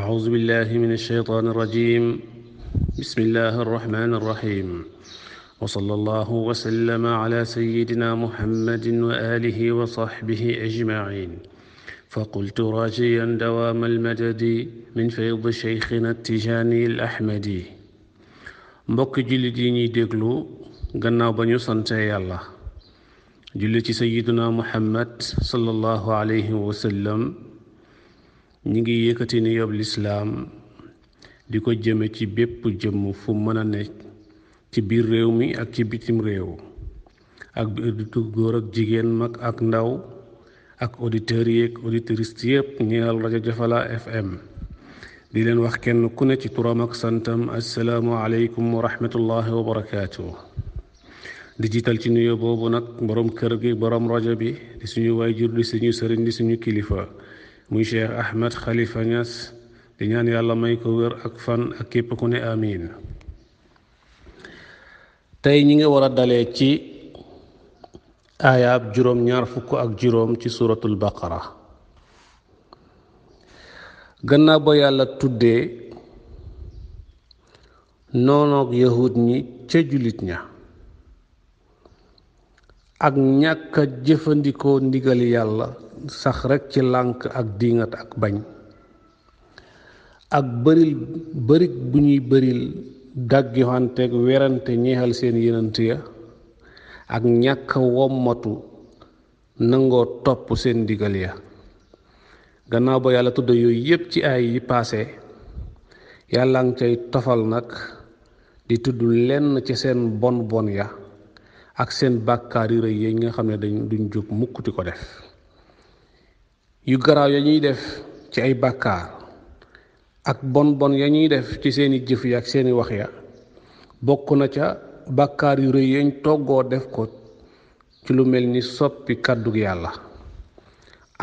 أعوذ بالله من الشيطان الرجيم بسم الله الرحمن الرحيم وصلى الله وسلم على سيدنا محمد وآله وصحبه أجمعين فقلت راجيا دوام المدد من فيض شيخنا التجاني الأحمدي mbokk jullit yi ñuy déglu gannaaw ba ñu sante yàlla julli ci sayiduna muhammad sallallahu alayhi wa sallam ñi ngi yëkkati ni yob lislaam di ko jëme ci bépp jëmm fu mën a nekk ci biir réew mi ak ci bitim réew ak biitu góor ak jigéen mag ak ndaw ak auditeurs yeeg auditrices yépp ñeel rajo Jafala FM di leen wax kenn ku ne ci turam ak santam assalaamu aleykum wa rahmatullahi wa barakaatu ci nuyoo boobu nag boroom kër gi boroom rajo bi di suñu waajur di suñu sëriñ di suñu kilifa muy cheikh ahmed xalifa ñas di ñaan yàlla may ko wér ak fan ak képp ku ne amiin tey ñi ngi war a dalee ci aayaab juróom ñaar ci suuratul baqara gannaaw ba yàlla tuddee noonoog yahud ñi ca jullit ña ak ñàkk jëfandikoo ndigal yàlla sax rekk ci lànk ak diingat ak bañ ak bëril bërig bu ñuy bëril dàggiwanteeg werante ñeexal seen yenant ya ak ñàkk wommatu nangoo topp seen digal ya gannaaw ba yàlla tudd yooyu yépp ci ay yi paase yàlla ngi cay tofal nag di tudd lenn ci seen bon bon ya ak seen bàkkaar yu rëy yi nga xam ne dañ duñ jóg mukkuti ko def yu garaaw ya ñuy def ci ay bàkkaar ak bon bon ya ñuy def ci seeni jëf ya ak seeni wax ya bokk na ca bàkkaar yu rëy yañ toggoo def ko ci lu mel ni soppi kàddu yàlla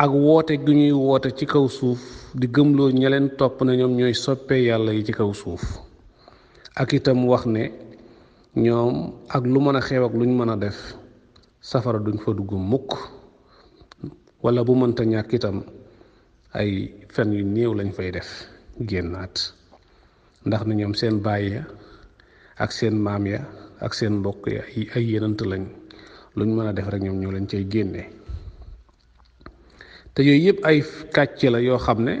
ak woote gi ñuy woote ci kaw suuf di gëmloo ña leen topp na ñoom ñooy soppee yàlla yi ci kaw suuf ak itam wax ne ñoom ak lu mën a xew ak luñ mën a def safara duñ fa dugg mukk wala bu mënta ñàkk itam ay fen yu néew lañu fay def génnaat ndax na ñoom seen baay ya ak seen maam ya ak seen mbokk ya ay yenant lañ luñ mën a def rek ñoom ñoo leen cay génne te yooyu yëpp ay kàcc la yoo xam ne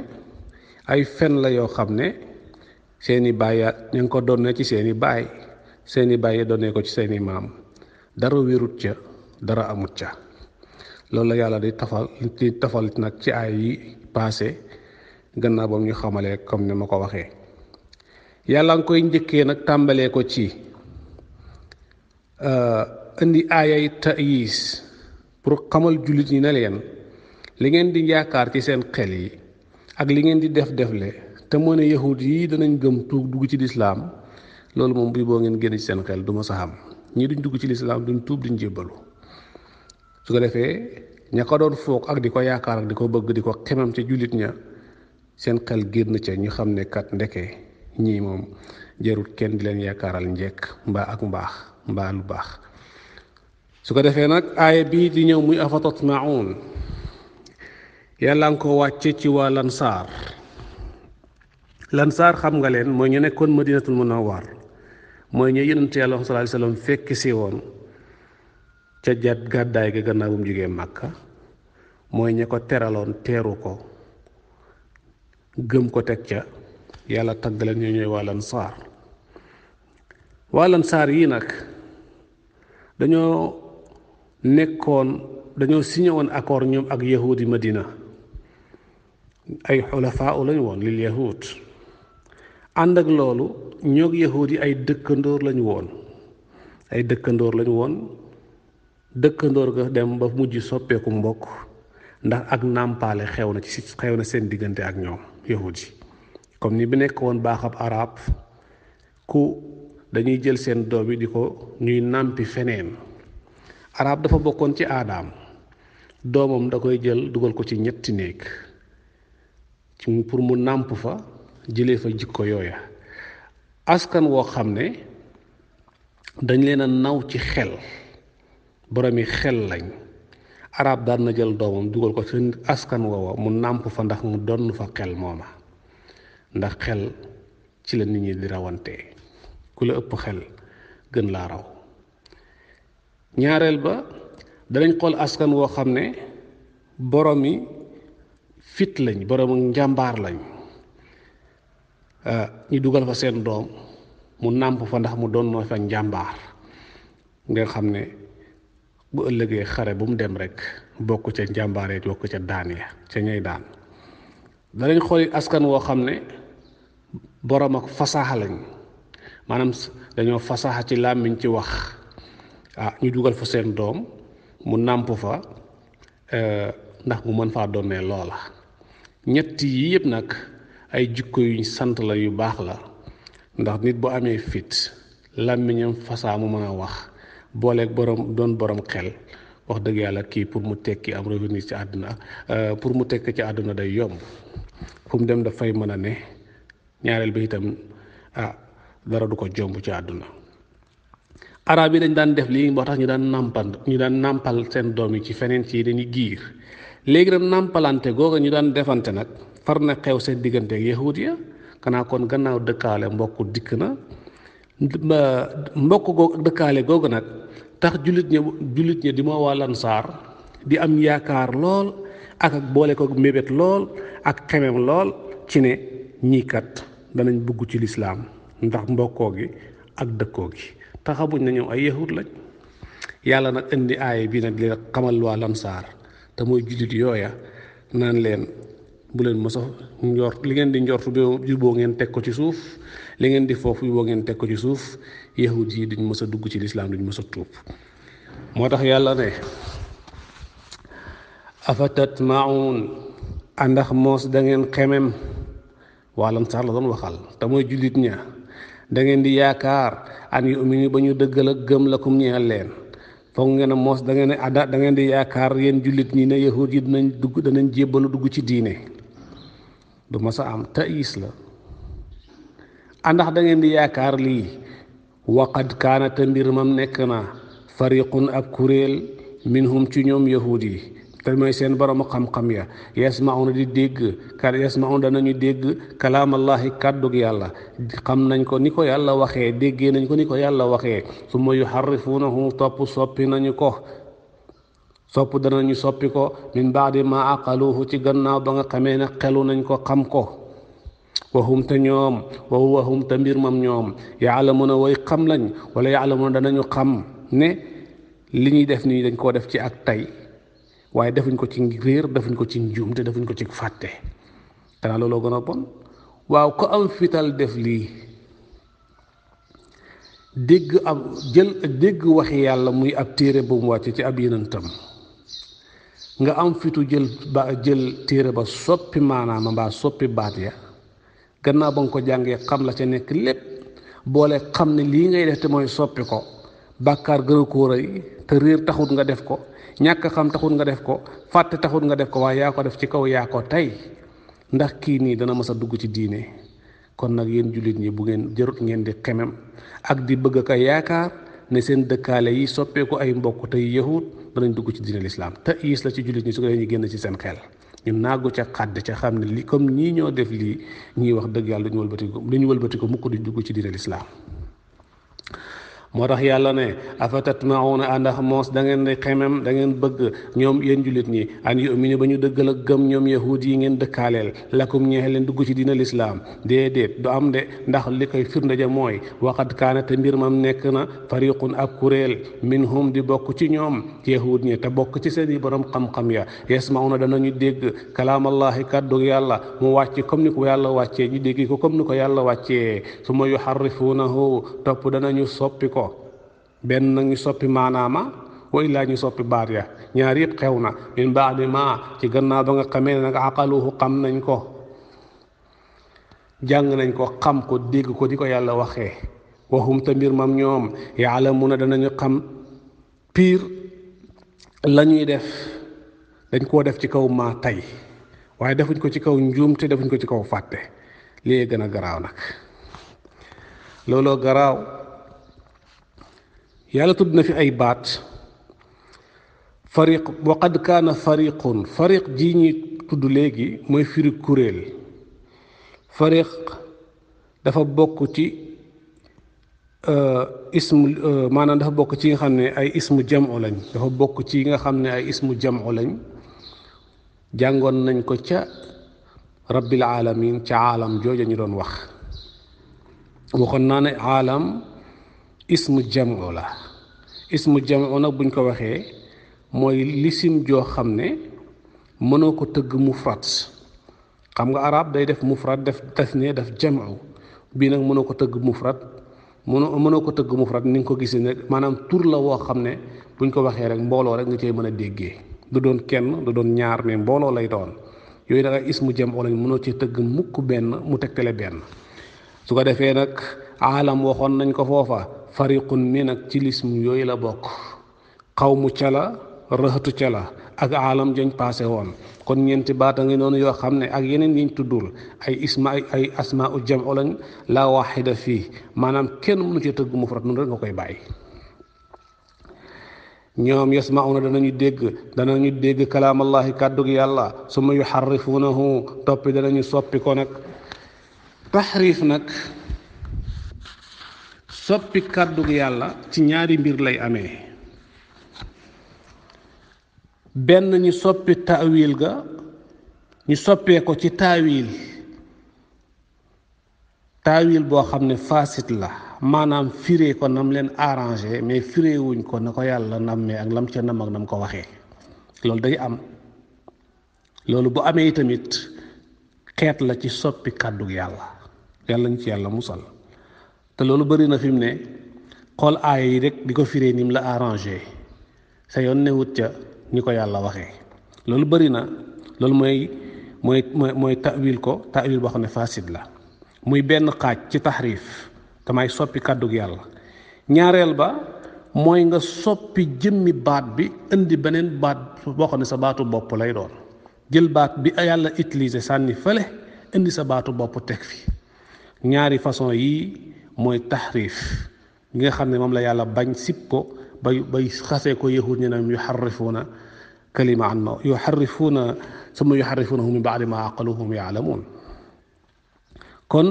ay fen la yoo xam ne seeni baay ya ñu ngi ko doon ci seeni baay seeni baay ya doonee ko ci seeni maam dara wérut ca dara amut ca loolu la yàlla di tafal di tafal nag ci ay yi paase gannaaw ba ñu xamalee comme ni ma ko waxee yàlla nga koy njëkkee nag tàmbalee ko ci euh, indi aayay ta'yiis pour xamal jullit ñi ne leen li ngeen di yaakaar ci seen xel yi ak li ngeen di def defle te moo ne yahud yi danañ gëm tuug dugg ci lislaam loolu moom bi boo ngeen génn ci seen xel du ma sa xam ñii duñ dugg ci lislaam duñ tuub duñ jébbalu su ko defee ña ko doon foog ak di ko yaakaar ak di ko bëgg di ko xemam ca jullit ña seen xel génn ca ñu xam ne kat ndeke ñii moom jarut kenn di leen yaakaaral njekk mbaa ak mbaax mbaa lu baax su ko defee nag aaya bii di ñëw muy afa tatmaun yàlla nga ko wàcce ci waa lansaar lansaar xam nga leen mooy ñu nekkoon madinatul munawwar mooy ñu yonent yàlla sallallahu alayhi wa sallam fekk si woon ca jat gàddaay ga gannaaw jigéen mu màkka mooy ña ko teraloon teeru ko gëm ko teg ca yàlla tagg leen ñu ñooy wàllan saar wàllan saar yi nag dañoo nekkoon dañoo signé woon accord ñoom ak yahudi madina ay xulafaa u lañu woon lil yahud ànd ak loolu ñoog yahud ay dëkkandoor lañu woon ay dëkkandoor lañu woon dëkkandoor ga dem ba mujj soppeeku mbokk ndax ak nàmpaale xew na ci xew na seen diggante ak ñoom yahud yi comme ni bi nekk woon baaxab arab ku dañuy jël seen doom yi di ko ñuy nàmpi feneen arab dafa bokkoon ci aadaam doomam da koy jël dugal ko ci ñetti néeg ci pour mu nàmp fa jëlee fa jikko yooya askan woo xam ne dañ leen a naw ci xel boromi xel lañ arab daan na jël doomam dugal ko ci askan woowa mu nàmp fa ndax mu donn fa xel mooma ndax xel ci la nit ñi di rawante ku la ëpp xel gën laa raw ñaareel ba danañ xool askan woo xam ne boromi fit lañ boroom njàmbaar lañ ah, ñu dugal fa seen doom mu nàmp fa ndax mu doon noo fa njàmbaar nga xam ne bu ëllëgee xare bu mu dem rek bokk ca njàmbaare bokk ca daan ya ca ñay daan danañ xool askan woo xam ne boroom ak fasaxa lañ maanaam dañoo fasaxa ci làmmiñ ci wax ah ñu dugal fa seen doom mu nàmp fa euh, ndax mu mën faa doon loola ñett yi yëpp nag ay jikko yuñ sant la yu baax la ndax nit bu amee fit làmmiñam fasaa mu mën a wax booleeg borom doon borom xel wax dëgg yàlla kii pour mu tekki am revenu ci àdduna euh, pour mu tekk ci àdduna day yomb fu mu dem dafay mën a ne ñaareel bi itam ah dara du ko jomb ci àdduna arab yi dañ daan def lii moo tax ñu daan nàmpal ñu daan nàmpal seen doom yi ci feneen ci dañuy giir léegi nag nàmpalante googa ñu daan defante nag far na xew seen diggante ak yahud ya xanaa kon gannaaw dëkkaale mbokk dikk na mbokk googu ak dëkkaale googu nag tax jullit ña jullit ña di ma waa lansaar di am yaakaar lool ak ak boole ko mébét lool ak xemem lool ci ne ñii kat danañ bugg ci lislaam ndax mbokkoo gi ak dëkkoo gi te na ñëw ay yahut lañ yàlla nag indi aaya bii nag xamal waa lansaar te mooy jullit yooya naan leen bu leen mos a njort li ngeen di njort yu boo ngeen teg ko ci suuf li ngeen di foofu yu boo ngeen teg ko ci suuf yahud yi duñ mos a dugg ci lislaam duñ mos a tuub moo tax yàlla ne afatatmaun àndax moos da ngeen xemem waa lansaar la doon waxal te mooy jullit ña da ngeen di yaakaar an yu uminu ba ñu dëggal ak gëm la kum ñeel leen foog ngeen a moos da ngeen ada da ngeen di yaakaar yéen jullit ñi ne yahud yi dinañ dugg danañ jébbalu dugg ci diine du mas a am tayis la àndax ah, dangeen di yaakaar lii waqad kaana mbir mam nekk na fariqun ab kuréel minhum ci ñoom yahud yi te mooy seen boroomu xam-xam ya yasmauna di dégg ka yasmauna danañu dégg kalaamallahi kàddug yàlla xam nañ ko ni ko yàlla waxee déggee nañ ko ni ko yàlla waxee summa yuharrifunahu topp soppi nañu ko sopp danañu soppi ko min baadi ma aqaluhu ci gannaaw ba nga xamee nag xelu nañ ko xam ko waxum te ñoom wa huwa hum te mbir mam ñoom yaalamuna way xam lañ wala yaalamuna danañu xam ne li ñuy def nii dañ koo def ci ak tey waaye defuñ ko ci réer defuñ ko ci njuum te defuñ ko ci fàtte xanaa looloo gën a bon waaw ko am fital def lii dégg am jël dégg waxi yàlla muy ab téere bu mu wàcce ci ab yenantam nga am fitu jël ba jël téere ba soppi maanaama mbaa soppi baat ya gannaaw ba nga ko jàngee xam la ca nekk lépp boole xam ne lii ngay def te mooy soppi ko bàkkaar gën a ko rëy te réer taxut nga def ko ñàkk xam taxut nga def ko fàtte taxut nga def ko waaye yaa ko def ci kaw yaa ko tey ndax kii nii dana mës a dugg ci diine kon nag yéen jullit ñi bu ngeen jarut ngeen di xemem ak di bëgg ko yaakaar ne seen dëkkaale yi soppeeku ay mbokk tey yahut danañ dugg ci diine lislaam te iis la ci jullit ñi su ko defee ñu génn ci seen xel ñu naagu ca xàdd ca xam ne li comme ñii ñoo def lii ñuy wax dëgg yàlla duñu wëlbati ko duñu wëlbati ko mukk duñ dugg ci diine lislaam moo tax yàlla ne afatatmauna àndax moos da ngeen di xemem da ngeen bëgg ñoom yéen jullit ñi an yuminu ba ñu dëggal ak gëm ñoom yahuud yi ngeen dëkkaaleel lakum ñeexe leen dugg ci dina lislaam déedéet du am de ndax li koy firnde ja mooy waxat kaana te mbir mam nekk na fariqun ab kuréel minhum di bokk ci ñoom yahuud ñi te bokk ci seen yi borom xam-xam ya yasmauna danañu dégg kalaamallaahi kàddu yàlla mu wàcce comme ni ko yàlla wàccee ñu dégg ko comme ni ko yàlla wàccee su ma yuharrifunahu topp danañu soppi ko benn nag ñu soppi maanaama wa illaa ñu soppi baat ya ñaar yëpp xew na baa baadi ma ci gannaaw ba nga xamee ne nag aqaluhu xam nañ ko jàng nañ ko xam ko dégg ko di ko yàlla waxe waxum te mbir mam ñoom a danañu xam piir lañuy def dañ koo def ci kaw maa tey waaye defuñ ko ci kaw njuumte defuñ ko ci kaw fàtte lii gën a garaaw nag looloo garaaw yàlla tudd na fi ay baat fariq wa qad kaana fariqun fariq ji ñuy tudd léegi mooy firi kuréel fariq dafa bokk ci euh, ismu euh, maanaam dafa bokk ci nga xam ne ay ismu jamu lañ dafa bokk ci nga xam ne ay ismu jamu lañ jàngoon nañ ko ca rabbil alamin ca aalam jooja ñu doon wax waxoon naa ne aalam ismu jamoo la ismu jamoo nag ñu ko waxee mooy lisim joo xam ne mënoo ko tëgg mufrat xam nga arab day def mufrat def ne def jamoo bii nag mënoo ko tëgg mufrat mënoo mënoo ko tëgg mufrat ni nga ko gisee ne maanaam tur la woo xam ne buñ ko waxee rek mbooloo rek nga cey mën a déggee du doon kenn du doon ñaar mais mbooloo lay doon yooyu nag ay ismu jamoo lañ mënoo cee tëgg mukk benn mu tegtale benn su ko defee nag aalam waxoon nañ ko foofa fariqun mi nag ci lismu yooyu la bokk xawmu ca la rëxatu ca la ak alam jañ paase woon kon ñeenti baata ngi noonu yoo xam ne ak yeneen yiñ tuddul ay isma ay asma u jam lañ laa waxida fii maanaam kenn mënu ci tëgg mufrad noonu rek nga koy bàyyi ñoom yasmauna danañu dégg dana ñu dégg kalaamallahi kàddug yàlla suma yu yuxarrifunahu toppi danañu soppi ko nag taxriif nag soppi kàddug yàlla ci ñaari mbir lay amee benn ñu soppi taawil ga ñu soppee ko ci taawil taawil boo xam ne fasit la maanaam firee ko nam leen arrangé mais firee wuñ ko na ko yàlla nammee ak lam ca nam ak nam ko waxee loolu day am loolu bu amee tamit xeet la ci soppi kàddug yàlla yàlla ñu ci yàlla musal te loolu bëri na fi mu ne xool aaya yi rek di ko firee ni la arrangé sa yoon ne wut ca ñi ko yàlla waxee loolu bëri na loolu mooy mooy mooy mooy tawil ko tawil boo xam ne fasid la muy benn xaaj ci taxriif damay soppi kàddug yàlla ñaareel ba mooy nga soppi jëmmi baat bi indi beneen baat boo xam ne sa baatu bopp lay doon jël baat bi yàlla utilise sànni fale indi sa baatu bopp teg fi ñaari façon yii mooy taxriif bi nga xam ne moom la yàlla bañ sib ko ba bay xasee ko yahud ñe nam yu xarrifuuna kalima an ma yu xarrifuuna summa yu xarrifuunahu min baadi ma aqaluhum yaalamuun kon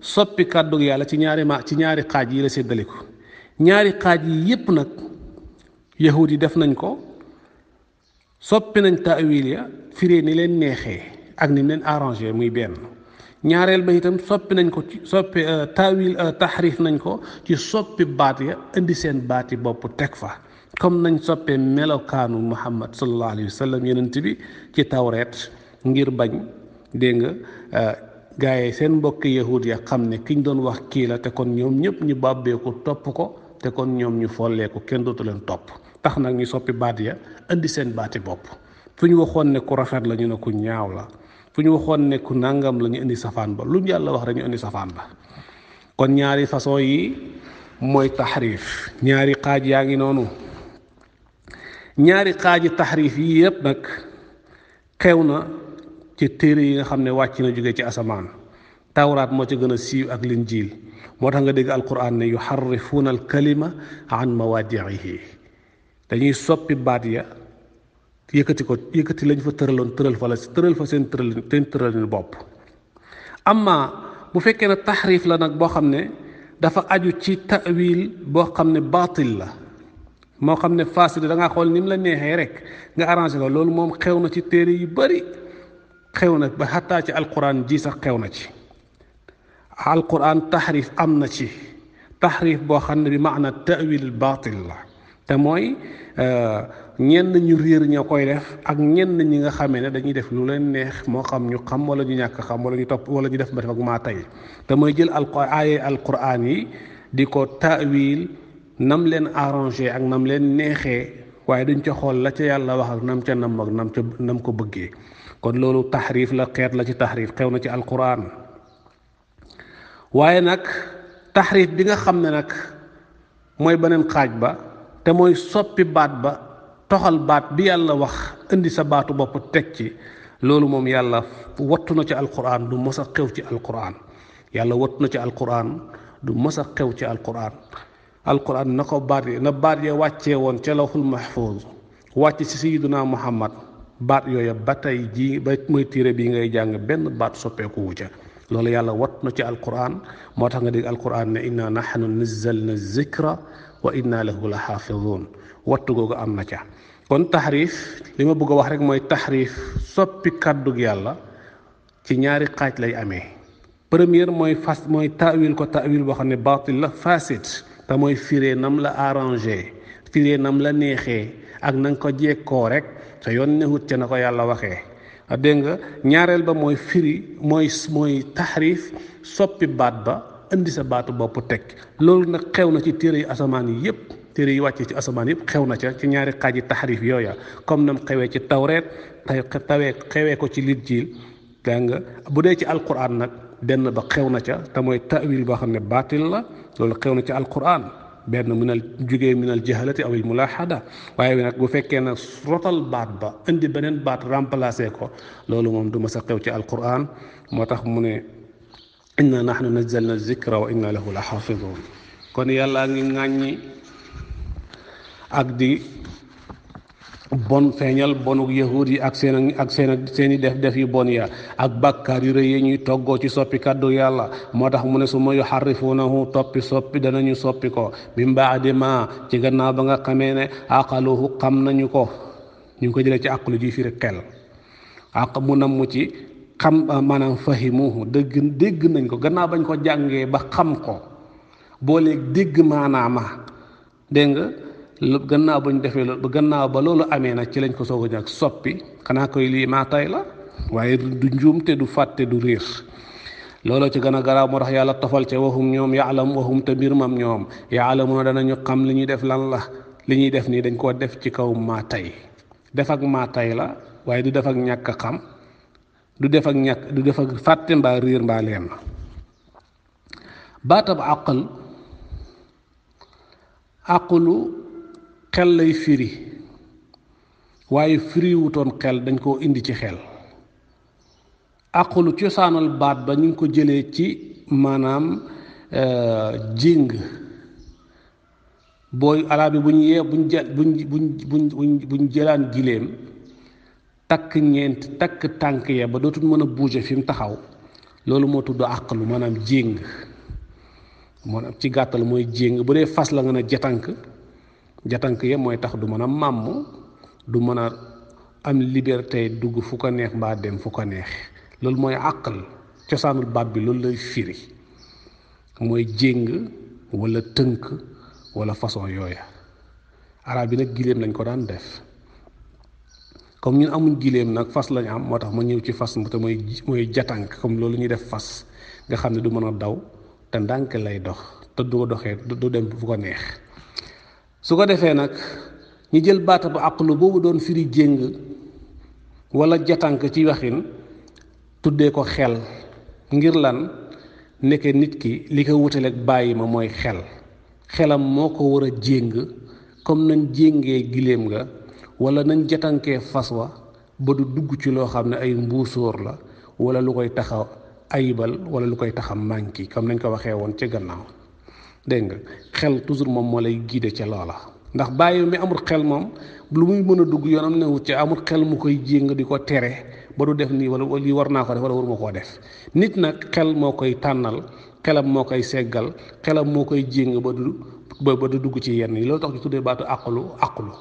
soppi kàddug yàlla ci ñaari ma ci ñaari xaaj yi la ko ñaari xaaj yi yépp nag yahud yi def nañ ko soppi nañ taawil ya firee ni leen neexee ak ni leen arrangé muy benn ñaareel ba itam soppi nañ ko ci soppi euh, taawil euh, nañ ko ci soppi baat ya indi seen baati bopp teg fa comme nañ soppee melokaanu muhammad sallallahu alayhi wa sallam yonent bi ci tawreet ngir bañ dégg nga euh, gaay yi seen mbokk yahud ya xam ne kiñ doon wax kii la te kon ñoom ñëpp ñu bàbbeeku topp ko te kon ñoom ñu folleeku kenn dootu leen topp tax nag ñu soppi baat ya indi seen baati bopp fu ñu waxoon ne ku rafet la ñu ne ku ñaaw la fu ñu waxoon ne ku nàngam la ñu indi safaan ba lu ñu yàlla wax rek ñu indi safaan ba kon ñaari façon yi mooy taxriif ñaari xaaj yaa ngi noonu ñaari xaaj xaaji taxriif yi yépp nag xew na ci téere yi nga xam ne wàcc na jóge ci asamaan tawraat moo ci gën a siiw ak linjiil moo tax nga dégg alquran ne yuxarrifuuna alkalima an mawaadiihi dañuy soppi baat ya yëkkati ko yëkkati lañ fa tëraloon tëral fa la tëral fa seen tëral seen tëralin bopp amma bu fekkee na taxrif la nag boo xam ne dafa aju ci tawil boo xam ne baatil la moo xam ne faasida da ngaa xool ni mu la neexee rek nga arrangé ko loolu moom xew na ci téere yu bari xew na ba xataa ci alquran ji sax xew na ci alquran taxrif am na ci taxrif boo xam ne bi maana tawil baatil la te mooy euh, ñenn ñu réer ñoo koy def ak ñenn ñi nga xamee ne dañuy def lu leen neex moo xam ñu xam wala ñu ñàkk xam wala ñu topp wala ñu def ma def ak maa tey te mooy jël al aaye alquran yi di ko taawil nam leen arrangé ak nam leen neexee waaye duñ ca xool la ca yàlla wax ak nam ca nam ak nam ca nam ko bëggee kon loolu taxriif la xeet la ci taxriif xew na ci alquran waaye nag taxriif bi nga xam ne nag mooy beneen xaaj ba te mooy soppi baat ba toxal baat bi yàlla wax indi sa baatu bopp teg ci loolu moom yàlla wattu na ci alquran du mës a xew ci alquran yàlla wattu na ci alquran du mës a xew ci alquran alquran na ko baat na baat ya wàccee woon ca lawhul mahfuz wàcc ci sayyiduna muhammad baat yooya ba tey jii ba mooy téere bi ngay jàng benn baat soppeekuwu ca loolu yàlla wat na ci alquran moo tax nga dégg alquran ne inna nahnu nazzalna zikra wa inna lahu la xaafidun wattu googu am na ca kon taxriif li ma bëgg a wax rek mooy taxriif soppi kàddug yàlla ci ñaari xaaj lay amee première mooy fas mooy taawil ko taawil boo xam ne baatil la fasit te mooy fire nam la arrangé firee nam la neexee ak na ko jekkoo rek te yoon newut ca na ko yàlla waxee Ah, dégg nga ñaareel ba mooy firi mooy mooy taxrif soppi baat ba indi sa baatu bopp teg loolu nag xew na ci téere yu asamaan yi yëpp téere yi wàccee ci asamaan yëpp xew na ca ci ñaari xaaji taxrif yooya comme nam xewee ci tawreet tay tawee xewee ko ci linjiil dégg nga bu dee ci alquran nag denn ba xew na ca te mooy tawil boo xam ne baatil la loolu xew na ci alquran benn minal jugee minal jahalati aw il mulahada waaye nag bu fekkee nag rotal baat ba indi beneen baat remplacé ko loolu moom duma sa a xew ci alquran moo tax mu ne na nahnu nazzalna zikra wa inna lahu la xaafidun kon yàlla ngi ŋàññi ak di bon feeñal bonuk yahud yi ak seen ak seen ak def def yu bon ya ak bàkkaar yu rëy yi ñuy toggoo ci soppi kàddu yàlla moo tax mu ne su ma yu xarrifuunahu toppi soppi danañu soppi ko bi mbaadi ma ci gannaaw ba nga xamee ne aqaluhu xam nañu ko ñu ngi ko jëlee ci àqalu ji firi xel àq mu nam mu ci xam maanaam fahimuhu dëgg dégg nañ ko gannaaw bañ ko jàngee ba xam ko booleeg dégg maanaama dégg gannaaw ba ñu defee loolu gannaaw ba loolu amee nag ci lañ ko soog ak soppi xanaa koy lii maa la waaye du njuum te du fàtte du réer looloo ci gën a garaaw moo tax yàlla tofal ca waxum ñoom yaalam waxum te mbir mam ñoom yaalamuna danañu xam li ñuy def lan la li ñuy def nii dañ koo def ci kaw maa tay def la waaye du def ak ñàkk xam du defak ak ñàkk du defak fàtte mbaa réer mbaa leen baatab àqal àqulu xel lay firi waaye firiwutoon xel dañ koo indi ci xel àqulu cosaanal baat ba ñu ngi ko jëlee ci maanaam euh, jéng booy alaa bu ñu yee buñ ja buñ buñ buñ jëlaan giléem takk ñeent takk tànk ya ba dootul mën a bouger fi mu taxaw loolu moo tudd àqlu maanaam jéng maanaam ci gàttal mooy jéng bu dee fas la nga ne jatank jatank ya mooy tax du mën a màmm du mën a am liberté dugg fu ko neex mbaa dem fu ko neex loolu mooy àqal cosaanul baat bi loolu lay firi mooy jéng wala tënk wala façon yooya arab bi nag giléem lañ ko daan def comme ñun amuñ giléem nag fas lañ am moo tax ma ñëw ci fas mu te mooy mooy jatank comme loolu ñuy def fas nga xam ne du mën a daw te ndànk lay dox te du doxee du dem fu ko neex su ko defee nag ñu jël baata bu àqlu boobu doon firi jéng wala jatank ci waxin tuddee ko xel ngir lan nekke nit ki li ko wutaleeg bàyyi ma mooy xel xelam moo ko war a jéng comme nañ jéngee giléem ga wala nañ jatankee fas wa ba du dugg ci loo xam ne ay mbuusóor la wala lu koy taxa ayibal wala lu koy taxa manki comme nañ ko waxee woon ci gannaaw dégg nga xel toujours moom moo lay guider ca loola ndax bàyyi mi amul xel moom lu muy mën a dugg yoonam ne wut ca amul xel mu koy jéng di ko tere ba du def nii wala lii war naa ko def war waruma koo def nit nag xel moo koy tànnal xelam moo koy seggal xelam moo koy jéng ba du dugg ci yenn yi loolu tax ñu tuddee baatu àqulu àqulu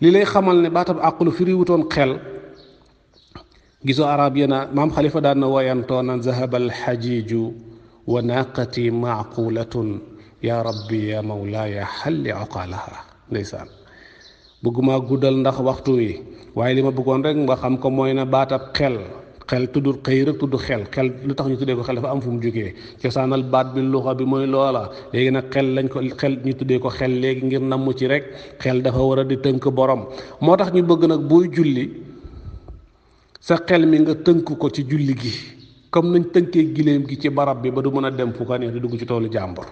li lay xamal ne baatab àqulu firi wutoon xel gisoo arab yéena maam xalifa daan na woyantoon naan xajiiju wa naaqati maaqulatun yaa rabbi yaa mawlaaya xalli oqaalaha ndeysaan bëgguma guddal ndax waxtu wi waaye li ma bëggoon rek nga xam ko mooy na baatab xel xel tudd xëy rek tudd xel xel lu tax ñu tuddee ko dafa am fu mu jógee cosaanal baat bi luxa bi mooy loola léegi nag xel lañ ko xel ñu tuddee ko xel léegi ngir namm ci rek xel dafa war a di tënk borom moo tax ñu bëgg nag booy julli sa xel mi nga tënk ko ci julli gi comme nañ tënkee giléem gi ci barab bi ba du mën a dem fu ko neex di dugg ci toolu jàmbur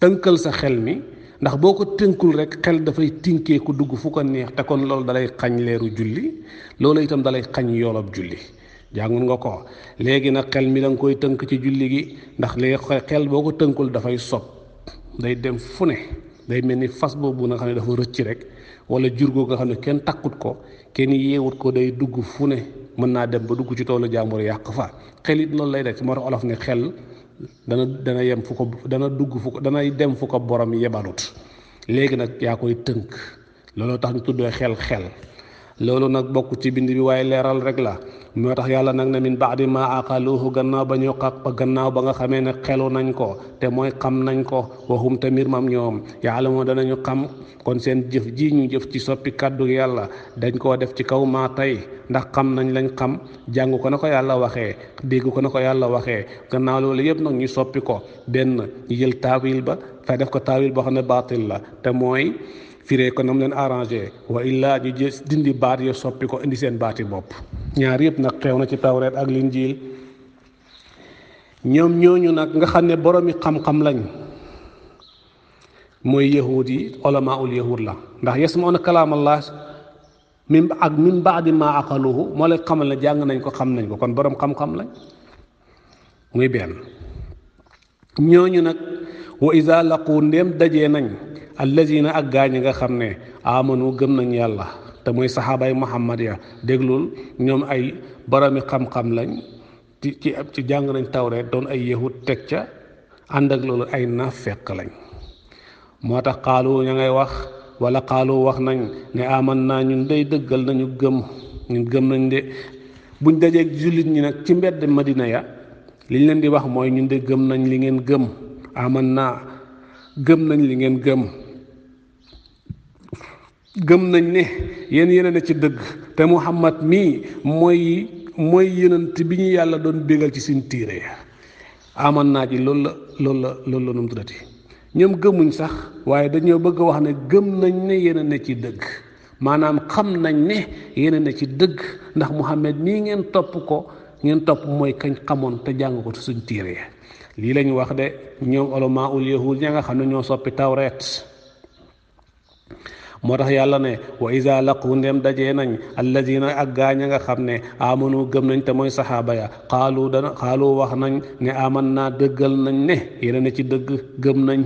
tënkal sa xel mi ndax boo ko tënkul rek xel dafay tinkee dugg fu neex te kon loolu dalay xañ leeru julli loolu itam dalay xañ yoolab julli jàngun nga ko léegi nag xel mi da koy tënk ci julli gi ndax léegi xel boo ko tënkul dafay sob day dem fu ne day mel ni fas boobu nga xam ne dafa rëcc rek wala jur googu nga xam ne kenn takkut ko kenn yeewut ko day dugg fu ne mën naa dem ba dugg ci toolu jàmbur yàq fa xel it noonu lay def moo tax olof ne xel dana dana yem fu ko dana dugg fu ko dana dem fu ko borom yebalut léegi nag yaa koy tënk looloo tax ñu tuddee xel xel loolu nag bokk ci bind bi waaye leeral rek la moo tax yàlla nag ne min baadi ma aqaluuhu gannaaw ba ñu xaq gannaaw ba nga xamee ne xelu nañ ko te mooy xam nañ ko waxum tamit mam ñoom yàlla moo danañu xam kon seen jëf ji ñu jëf ci soppi kàddu yàlla dañ koo def ci kaw maa tey ndax xam nañ lañ xam jàng ko na ko yàlla waxee dégg ko na ko yàlla waxee gannaaw loolu yëpp nag ñu soppi ko benn ñu jël taawil ba fay def ko taawil boo xam ne baatil la te mooy firee ko nam leen arrangé wa illaa ñu dindi baat ya soppi ko indi seen baat baati bopp ñaar yëpp nag xew na ci tawreet ak linjiil ñoom ñooñu nag nga xam ne boroomi xam-xam lañ mooy yahud yi olamaul yahud la ndax yasmauna kalaamallah min ak min baadi ma aqaluhu jàng nañ ko xam nañ ko kon boroom xam-xam lañ muy benn ñooñu nag wa iza laqu ndéem dajee nañ na ak gaa ñi nga xam ne amanu gëm nañ yàlla te muy saxaabaay muhammad ya déglul ñoom ay boromi xam-xam lañ ci ci ci jàng nañ tawreet doon ay yahud teg ca ànd ak loolu ay naafeq lañ moo tax xaalu ña ngay wax wala xaalu wax nañ ne aman naa ñun day dëggal nañu gëm ñu gëm nañ de buñ dajee jullit ñi nag ci mbedd madina ya liñ leen di wax mooy ñun de gëm nañ li ngeen gëm aman naa gëm nañ li ngeen gëm gëm nañ ne yéen yéen ci dëgg te muhammad mii mooy mooy yonent bi ñu yàlla doon bégal ci seen tiire aman naa ji loolu la loolu la loolu la nu ñoom gëmuñ sax waaye dañoo bëgg a wax ne gëm nañ ne yéen a ne ci dëgg maanaam xam nañ ne yéen a ne ci dëgg ndax muhammad mii ngeen topp ko ngeen topp mooy kañ xamoon te jàng ko ci suñ tiire lii lañ wax de ñoom ulamaa ul yahud ña nga xam ne ñoo soppi tawreet moo tax yàlla ne wa iza laqu ndem daje nañ alladina ak gaañ a nga xam ne amanu gëm nañ te mooy saxaaba ya xaalu dana xaalu wax nañ ne aman naa dëggal nañ ne yéena ne ci dëgg gëm nañ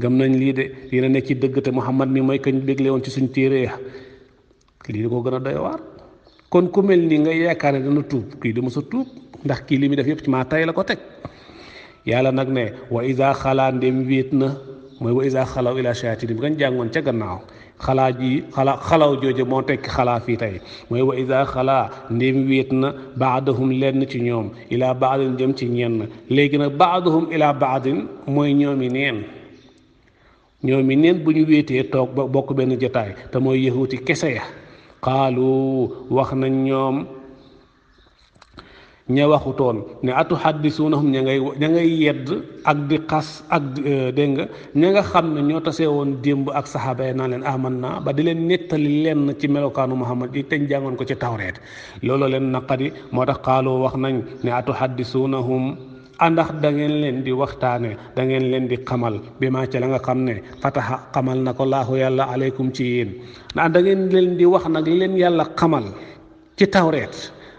gëm nañ lii de yéena ne ci dëgg te muhammad mi mooy kañ bégle woon ci suñ téere ya lii di ko gën a doy waar kon ku mel nii nga yaakaar ne dana tuub kii du mësa tuub ndax kii li muy def yëpp ci maa tay la ko teg yàlla nag ne wa xalaat xalaa ndem wéet na mooy wa iza xalaw ila shayatin bi jàngoon ca gannaaw xalaa ji xala xalaw jooje moo tekki xalaa fii tey mooy wa isa xalaa ndéem wéet na baadahum lenn ci ñoom ilaa baadin jëm ci ñenn léegi nag baadahum ilaa baadin mooy ñoomi neen ñoomi neen bu ñu wéetee toog ba bokk benn jataay te mooy yahuuti kese ya xaalu wax nañ ñoom ña waxutoon ne atu xaddisuunahum ña ngay ña ngay yedd ak di xas ak euh, dégg nga ña nga xam ne ñoo tasee woon démb ak saxaaba yi naa leen aman naa ba di leen nettali lenn ci melokaanu muhammad yi teñ jàngoon ko ci tawreet looloo leen naqari moo tax xaaloo wax nañ ne atu xaddisuunahum andax da ngeen leen di waxtaane da ngeen leen di xamal bi maa ca la nga xam ne fataxa xamal na ko laahu yàlla aleykum ci yéen ndax da leen di wax nag leen yàlla xamal ci tawreet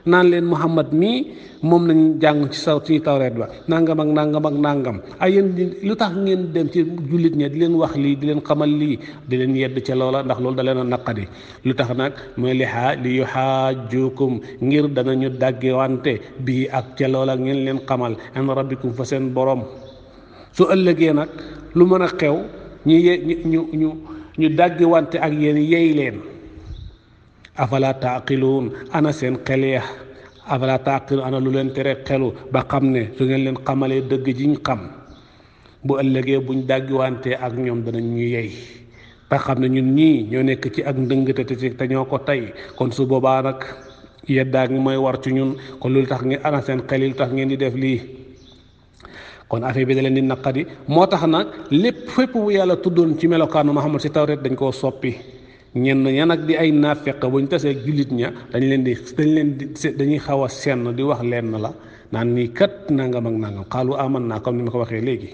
naan leen Muhammad mii moom lañ jàng ci saw ci tawreet ba nangam ak nangam ak nangam ay yéen lu tax ngeen dem ci jullit ña di leen wax lii di leen xamal lii di leen yedd ca loola ndax loolu da leen a naqadi lu tax nag mooy li xaa li yu xaajukum ngir dana ñu danañu wante bii ak ca loola ngeen leen xamal an rabbikum fa seen boroom su ëllëgee nag lu mën a xew ñu ye ñu ñu ñu dàggiwante ak yéen yey leen afala taaqiluun ana seen xel ya afala taaqiluun ana lu leen tere xelu ba xam ne su ngeen leen xamalee dëgg jiñ xam bu ëllëgee buñ dàggiwante ak ñoom danañ ñu yey te xam ne ñun ñii ñoo nekk ci ak ndëngte te te ñoo ko tey kon su boobaa nag yeddaa ngi mooy war ci ñun kon lu tax ngeen ana seen xel yi lu tax ngeen di def lii kon affaire bi da leen di naqari moo tax nag lépp fépp bu yàlla tuddoon ci melokaanu Muhammad si tawret dañ koo soppi ñenn ña nag di ay naafeq bu ñu tasee jullit ña dañ leen di dañ leen di dañuy xaw a senn di wax lenn la naan nii kat nangam ak nangam xaalu aman naa comme ni ma ko waxee léegi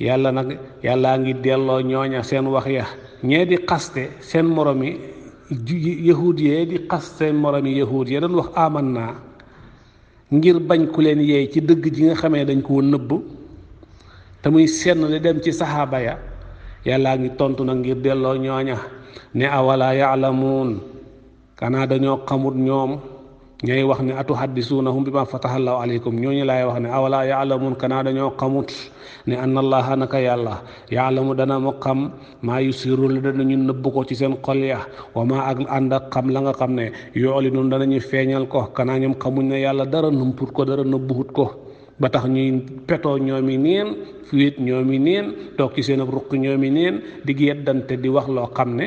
yàlla nag yàllaa ngi delloo ñooña seen wax ya ñee di xaste seen morom yi yahud yee di xas seen morom yi yahud ya doon wax aman naa ngir bañ ku leen yeey ci dëgg ji nga xamee dañ koo nëbb te muy senn li dem ci saxaaba ya yàllaa ngi tontu nag ngir delloo ñooña ne awala yaalamuun kanaa dañoo xamut ñoom ñay wax ne atu haddisuunahum bi ma fatahallahu aleykum ñooñu laay wax ne awala yaalamuun kanaa dañoo xamut ne anna allaha naka yàlla dana mu xam maa yusiru la danañu nëbb ko ci seen xol ya wa maa ak ànd ak xam la nga xam ne yooli noonu danañu feeñal ko kanaa ñoom xamuñ na yàlla dara numput ko dara nëbbuhut ko ba tax ñuy petoo ñoom i neen wéet ñoom i neen toog ci seen ruq ñoom i neen di yeddante di wax loo xam ne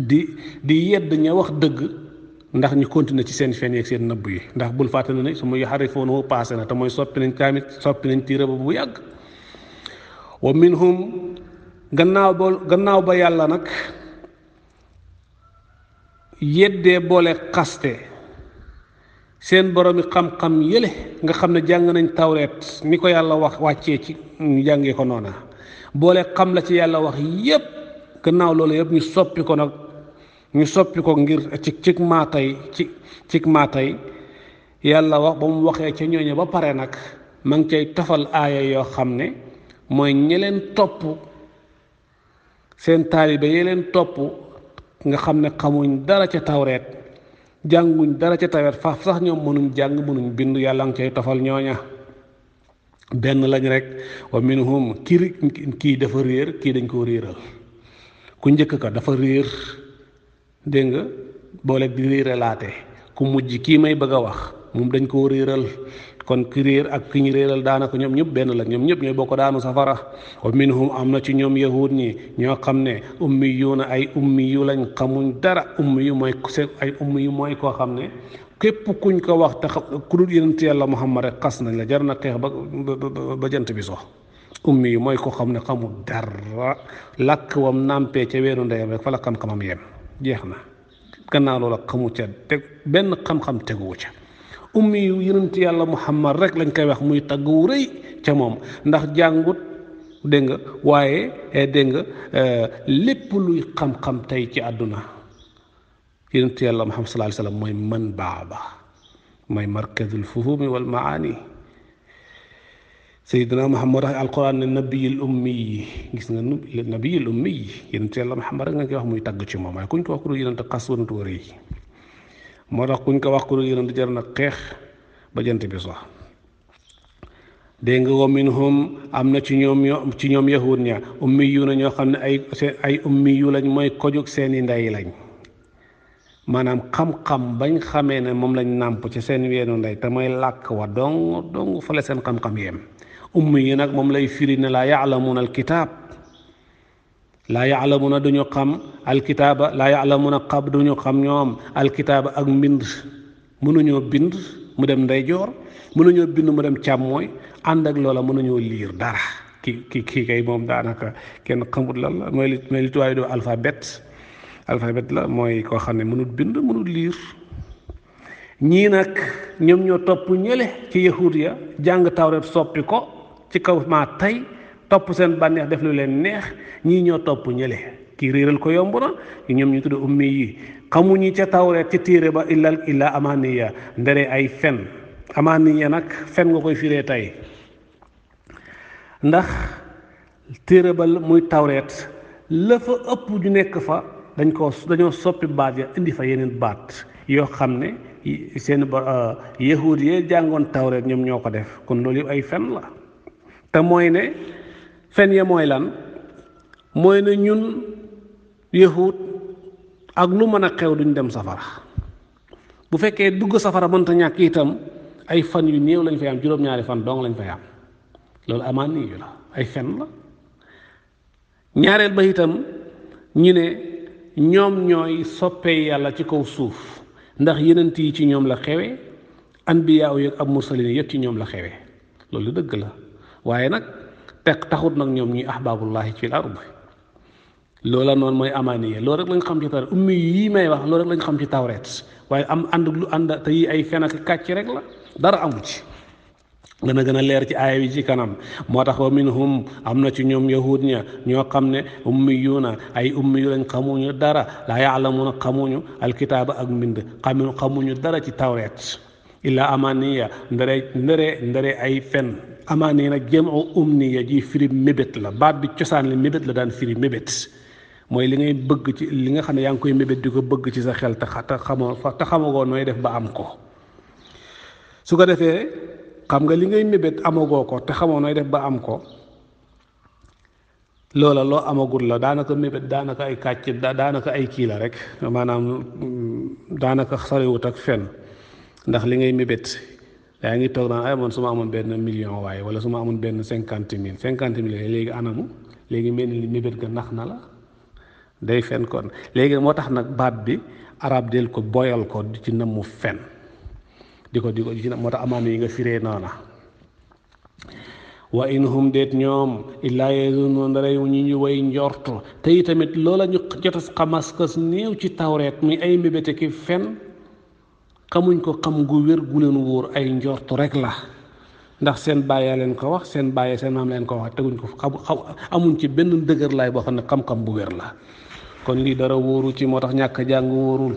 di di yedd ña wax dëgg ndax ñu continuer ci seen fen yeeg seen nëbb yi ndax bul fàtte na ne su ma yaxarifoon woo passé na te mooy soppi nañ kaamit soppi nañ tiira bu yàgg wa minhum gannaaw ba gannaaw ba yàlla nag yeddee boole xaste seen boromi xam-xam yële nga xam ne jàng nañ tawreet ni ko yàlla wax wàccee ci ñu jàngee ko noona boole xam la ci yàlla wax yépp gannaaw loolu yëpp ñu soppi ko nag ñu soppi ko ngir ci cig maatay ci cig maatay yàlla wax ba mu waxee ca ñooñu ba pare nag ma ngi cay tofal aaya yoo xam ne mooy ñeleen topp seen taalibe yeleen topp nga xam ne xamuñ dara ca tawreet jànguñ dara ca tawet fa sax ñoom mënuñ jàng mënuñ bind yàlla nga koy tofal ñooña benn lañ rek wa minhum kii kii dafa réer kii dañ koo réeral ku njëkk ka dafa réer dégg nga boole di réeralaate ku mujj kii may bëgg a wax moom dañ koo réeral kon ki ak ki ñu réeral daanaka ñoom ñëpp benn la ñoom ñëpp ñooy bokk daanu safara wa minhum am na ci ñoom yahud ñi ñoo xam ne ummi yu na ay ummi yu lañ xamuñ dara ummi yu mooy ay ummi yu mooy koo xam ne képp kuñ ko wax te ku dul yonent yàlla muhammad rek xas nañ la jar na xeex ba ba jant bi soo ummi yu mooy koo xam ne xamul dara làkk wam nàmpee ca weeru ndeyam rek fa la xam-xamam yem jeex na gannaaw loola xamu ca teg benn xam-xam teguwu ca ummi yu yonent yàlla muhammad rek lañ koy wax muy tagg wu rëy ca moom ndax jàngut dégg waaye eh, dégg eh, lépp luy xam-xam tey ci àdduna yonent yàlla muhammad sallallahu alayhi wasallam mooy man baaba mooy markazul fuhumi wal maani sayidina muhammad wax alquran ne nabiyil ummi yi gis nga nabiyil ummi yi yonent yàlla muhammad rek lañ koy wax muy tagg ci moom waaye kuñ ko wax ku dul yonent xas wantu rëy moo tax kuñ ko wax ku dul yonent jar na xeex ba jant bi sox dégg nga wa minhum am na ci ñoom ñoo ci ñoom yahud ña ummi yu na ñoo xam ne ay seen ay ummi lañ mooy kojug seeni ndey lañ maanaam xam-xam bañ xamee ne moom lañ nàmp ci seen weenu ndey te mooy làkk wa dong dong fale seen xam-xam yem ummi yi nag moom lay firi ne laa yaalamuuna alkitaab laa yaalamuna duñu xam alkitaaba laa yaalamuna xab duñu xam ñoom alkitaaba ak mbind mënuñoo bind mu dem ndeyjoor mënuñoo bind mu dem càmmooy ànd ak loola mënuñoo liir dara ki ki kii kay moom daanaka kenn xamut lan la mooy li mooy li tubaab alphabet alphabet la mooy koo xam ne mënut bind mënut liir ñii nag ñoom ñoo topp ñële ci yahud ya jàng tawret soppi ko ci kaw maa tey topp seen bànneex def lu leen neex ñii ñoo topp ñele kii réeral ko yomb na ñoom ñu tudd ummi yi xamuñu ca tawreet ca téere ba illa illa ya ndere ay fen amaaniya nag fen nga koy fiire tey ndax téere ba muy tawreet la fa ëpp ñu nekk fa dañ ko dañoo soppi baat ya indi fa yeneen baat yoo xam ne seen ba euh, yahud jàngoon tawreet ñoom ñoo ko def kon loolu yëpp ay fen la te mooy ne fen ya mooy lan mooy na ñun yahut ak lu mën a xew duñ dem safara bu fekkee dugg safara mënta ñàkk itam ay fan yu néew lañ fa am juróom-ñaari fan dong lañ fay am loolu amaan nii yu la ay fen la ñaareel ba itam ñu ne ñoom ñooy soppee yàlla ci kaw suuf ndax yenent yi ci ñoom la xewee anbiyaaw yeeg ab mursalin yëpp ci ñoom la xewee loolu dëgg la waaye nag pekk taxut nag ñoom ñuy ahbaabullahi fil ard loola noonu mooy amaaniye loolu rek lañ xam ci tawreet ummi yii may wax loolu rek lañ xam ci tawreet waaye am ànd lu ànd te yi ay fen ak kàcc rek la dara amu ci a gën a leer ci aaya yi ci kanam moo tax wa am na ci ñoom yahud ña ñoo xam ne ummiyuuna ay ummiyu lañ xamuñu dara laa yaalamuuna xamuñu alkitaaba ak mbind xamuñu dara ci tawreet illaa amaaniya ndare ndare ndare ay fen amaa nee na jamu umniya jii firi mébét la baat bi cosaan la mébét la daan firi mébét mooy li ngay bëgg ci li nga xam ne yaa ngi koy mébét di ko bëgg ci sa xel te xamoo te xamagoo nooy def ba am ko su ko defee xam nga li ngay mébét amagoo ko te xamoo nooy def ba am ko loola loo amagul la daanaka mébét daanaka ay kàcc daanaka ay kii la rek maanaam mm, daanaka soriwut ak fen ndax li ngay mébét yaa ngi toog daan ay man su ma amoon benn million waaye wala su ma amoon benn cinquante mille cinquante mille léegi anamu léegi mel ni mébét ga nax na la day fen kon léegi moo tax nag baat bi arab del ko boyal ko di ci namu fen di ko di ko ci moo tax amaana yi nga firee noona wa in hum déet ñoom illaa yazunnoon dara ñu ñu way njort te itamit loola ñu jotas xamaskas néew ci tawreet muy ay mébéte ki fen xamuñ ko xam gu wér gu leen wóor ay njortu rekk la ndax seen bàyyee leen ko wax seen bàyyee seen maam leen ko wax teguñ ko xam amuñ ci benn dëgër laay boo xam ne bu wér la kon lii dara wóoru ci moo tax ñàkk jàng wóorul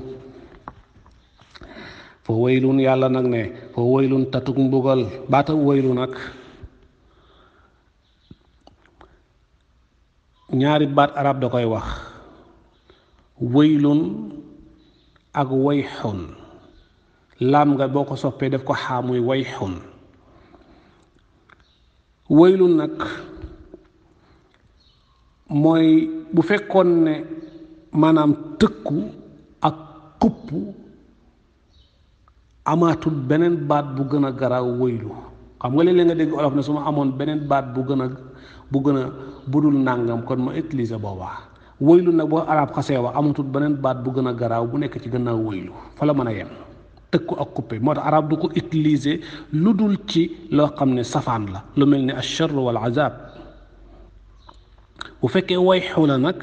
foo waylun yàlla nag ne fa waylun tatuk mbugal baata waylu nag ñaari baat arab da koy wax waylun ak wayxun lam nga boo ko soppee def ko xaa muy wayxun waylun nag mooy bu fekkoon ne maanaam tëkku ak kupp amaatul beneen baat bu gën a garaaw waylu xam nga léeg-léeg nga dégg olof ne su ma amoon beneen baat bu gën a bu gën a budul nàngam kon ma utiliser boobaa waylu nag boo arab xasee wax amatul beneen baat bu gën a garaaw bu nekk ci gannaaw waylu fa la mën a yem tëkku ak coupé moo tax arab du ko utiliser lu dul ci loo xam ne safaan la lu mel ni achar wal azab bu fekkee way xula nag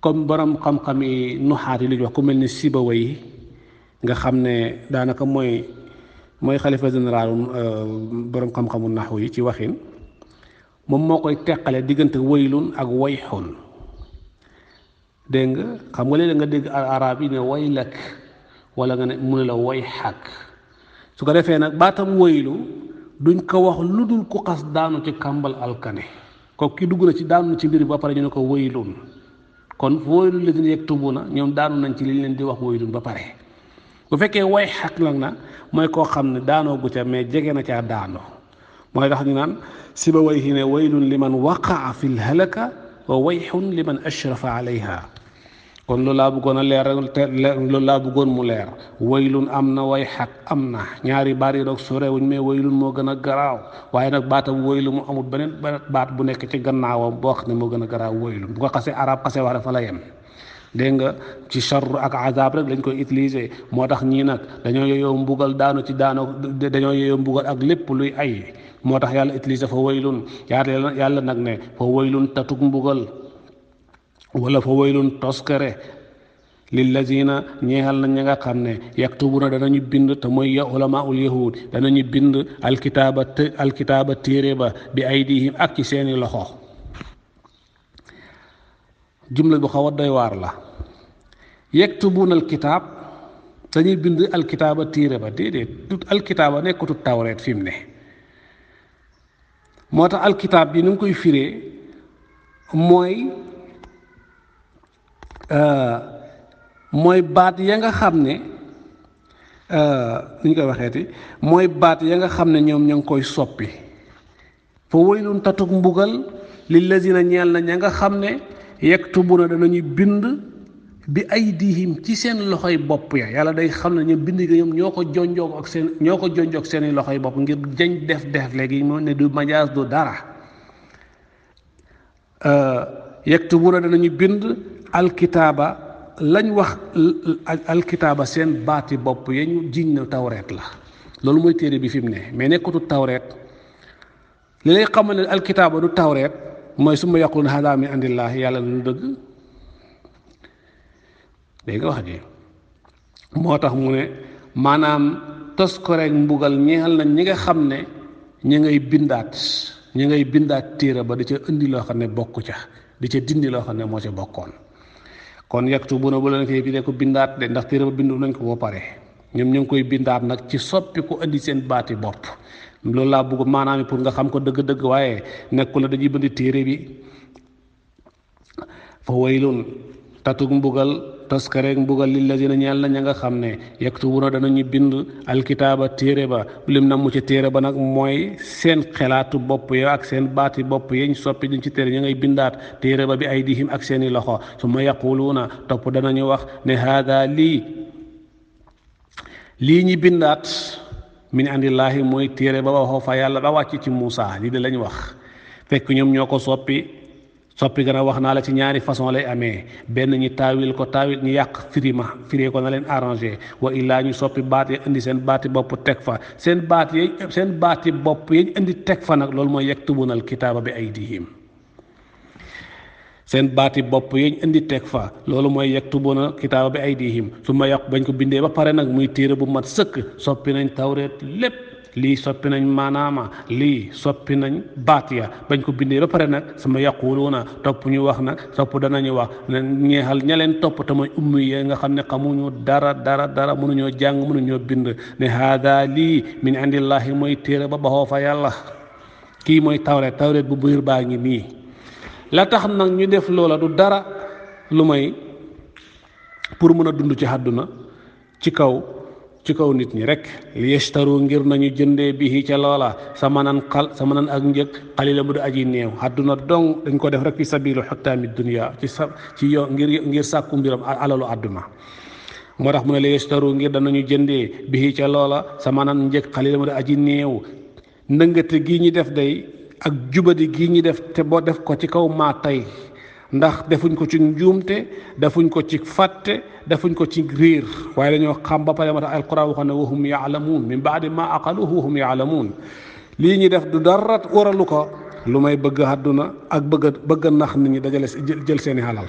comme boroom xam-xam yi nuxaat yi li ñu wax ku mel ni sibawa yi nga xam ne daanaka mooy mooy xalifa général euh, borom xam-xamu naxu yi ci waxin moom moo koy teqale diggante waylun ak wayxun dégg nga xam nga léeg nga dégg arab yi ne waylak wala nga ne mu ne la woy xàkk su ko defee nag baatam woylu duñ ko wax lu dul ku xas daanu ci kàmbal alkane ko kii dugg na ci daanu ci mbir ba pare ñu ne ko kon woylu la dina na ñoom daanu nañ ci li leen di wax woylun ba pare bu fekkee woy xàkk nag na mooy koo xam ne daanoo gu ca mais jege na caa daano mooy tax ñu naan siba woy hi ne waylun liman waqaa fi lhalaka wa li man ashrafa alayha kon loolu laa bëggoon a leer loolu laa bëggoon mu leer waylun am na way xaq am na ñaari baat yi doog sore wuñ mais waylun moo gën a garaaw waaye nag baatam waylu mu amul beneen baat bu nekk ci gannaawam boo xam ne moo gën a garaaw waylun bu ko xasee arab xasee wax dafa la yem dégg nga ci charr ak azab rek lañ koy utiliser moo tax ñii nag dañoo yoyoo mbugal daanu ci daano dañoo yoyoo mbugal ak lépp luy ay moo tax yàlla utilise fa waylun yàlla yàlla nag ne fa waylun tatug mbugal wala fa waylun toskare lillazina ñeexal na ña nga xam ne yaktubuna danañu bind te mooy ya ulama ul yahud bind alkitaaba téere ba bi aydihim ak seeni loxo jumla bu xaw a doy la yaktubuna alkitaab bind alkitaaba téere ba déedéet du alkitaaba nekkutut tawreet ne moo tax alkitaab bi ni mu koy firee mooy Euh, mooy baat ya nga xam ne euh, nu ñu koy waxeeti mooy baat ya nga xam ne ñoom ñoo ngi koy soppi fa waylun tatuk mbugal lillazina ñeel na ña nga xam ne yaktubuna danañu bind bi ay aydihim ci seen loxoy bopp ya yàlla day xam ne ñoom bind ñoo ko jonjoog seen ñoo ko loxoy bopp ngir jañ def def léegi moo ne du majaas du dara euh, yaktubuna danañu bind alkitaaba lañ wax alkitaaba seen baati bopp ya ñu jiñ na tawreet la loolu mooy téere bi fi mu ne mais nekkatu tawreet li lay xamal ne alkitaaba du tawreet mooy su ma yaqulun haadaa min indillaahi yàlla lu dëgg dégg wax ji moo tax mu ne maanaam tos ko rek mbugal ñeexal na ñi nga xam ne ñi ngay bindaat ñi ngay bindaat téere ba di ca indi loo xam ne bokku ca di ca dindi loo xam ne moo ca bokkoon kon yaktubuna bu leen fee bi ko bindaat de ndax téere ba bindu nañ ko boo pare ñoom ñu ngi koy bindaat nag ci soppi ko indi seen baati bopp loolu laa bëgg maanaam pour nga xam ko dëgg-dëgg waaye nekkul na dañuy bënd téere bi fa waylun tatug mbugal taskareeg mbugal lillazina ñeel na ña nga xam ne dana ñu bind alkitaaba téere ba lim na mu ci téere ba nag mooy seen xelaatu bopp ya ak seen baati bopp ñu soppi diñ ci téere ña ngay bindaat téere ba bi ay dihim ak seeni loxo su ma yaquluuna topp danañu wax ne haada lii lii ñi bindaat min andillaahi mooy téere ba waxoo fa yàlla ba wàcc ci Muusa lii de lañ wax fekk ñoom ñoo ko soppi soppi gën wax naa la ci ñaari façon lay amee benn ñi taawil ko taawil ñu yàq firi ma firee ko na leen arrangé wa illaa ñu soppi baat ya indi seen baati bopp teg fa seen baat yi seen baati bopp yañ indi teg fa nag loolu mooy yaktubunal kitaaba bi ay seen baati bopp yañ indi teg fa loolu mooy yaktubuna kitaaba bi aydihim su ma yàq bañ ko bindee ba pare nag muy téere bu mat sëkk soppi nañ tawreet lépp lii soppi nañ maanaama lii soppi nañ baat ya bañ ko bindee ba pare nag sama yaquluuna topp ñu wax nag topp danañu wax ñeexal ña leen topp te mooy ummi ya nga xam ne xamuñu dara dara dara mënuñoo jàng mënuñoo bind ne haada lii min indillahi mooy téere ba baxoo fa yàlla kii mooy tawret tawret bu biir baa ngi mii la tax nag ñu def loola du dara lu may pour mën a dund ci àdduna ci kaw ci kaw nit ñi rek li ngir nañu jëndee bihi ca loola samanan xal samanan ak njëg xalila bu du aji néew àdduna dong dañ ko def rek fi sabilu xattaami dunia ci sa ci yo ngir ngir sàkku mbiram alalu àdduna moo tax mu ne li ngir ngir danañu jëndee bihi ca loola samanan njëg xalila bu du aji néew ndëngate gii ñi def day ak jubadi gii ñi def te boo def ko ci kaw maa tey ndax defuñ ko ci njuumte defuñ ko ci fàtte defuñ ko ci riir waaye dañoo xam ba pare moo tax alquran waxoon ne wahum yaalamuun min baadi ma aqaluhu wahum yaalamuun lii ñuy def du dara waralu ko lu may bëgg àdduna ak bëgg nax nit ñi dajale jël seeni halal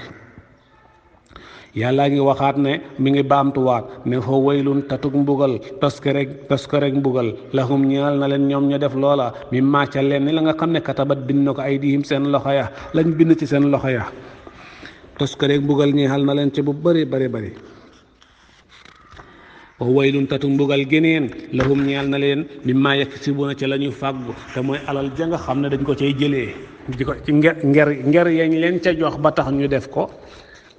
yàllaa ngi waxaat ne mu ngi baamtuwaat ne foo waylun tatug mbugal tos ko rek tos ko rek mbugal lahum ñaal na leen ñoom ñu def loola mi màcca leen ni la nga xam ne katabat bind na ko ay diihim seen loxo ya lañu bind ci seen loxo ya tos ko rek mbugal ñeexal na leen ci bu bëri bëri bëri wa waylun tatu mbugal geneen lahum ñeel na leen mi maa yekk si buna ci la ñu fàggu te mooy alal ja nga xam ne dañ ko cay jëlee di ko ci nger nger nger yañ leen ca jox ba tax ñu def ko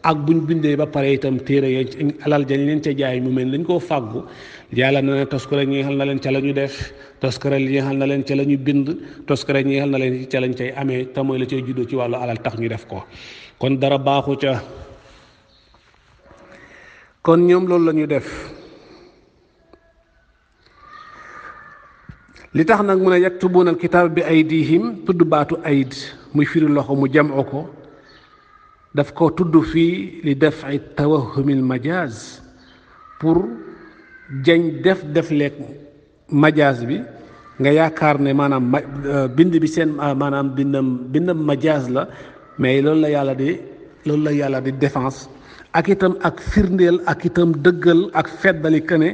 ak buñ bindee ba pare itam téere ya alal jañ leen ca jaay mu mel dañ koo fàggu yàlla na ne toskare ñi nga na leen ca la ñu def toskare ñi na leen ca la ñu bind toskare ñi nga na leen ca lañ cay amee te la cay juddoo ci wàllu alal tax ñu def ko kon dara baaxu ca kon ñoom loolu la ñu def li tax nag mu ne yaktubuuna alkitaab bi ay aydihim tudd baatu ayd muy firi loxo mu jam o ko daf ko tudd fii li defi tawahumil majaaz pour jañ def def leeg majaaz bi nga yaakaar ne maanaam euh, bind bi seen euh, maanaam bindam bindam majaaz la mais loolu la yàlla di loolu la yàlla di défense ak itam ak firndeel ak itam dëggal ak feddali këne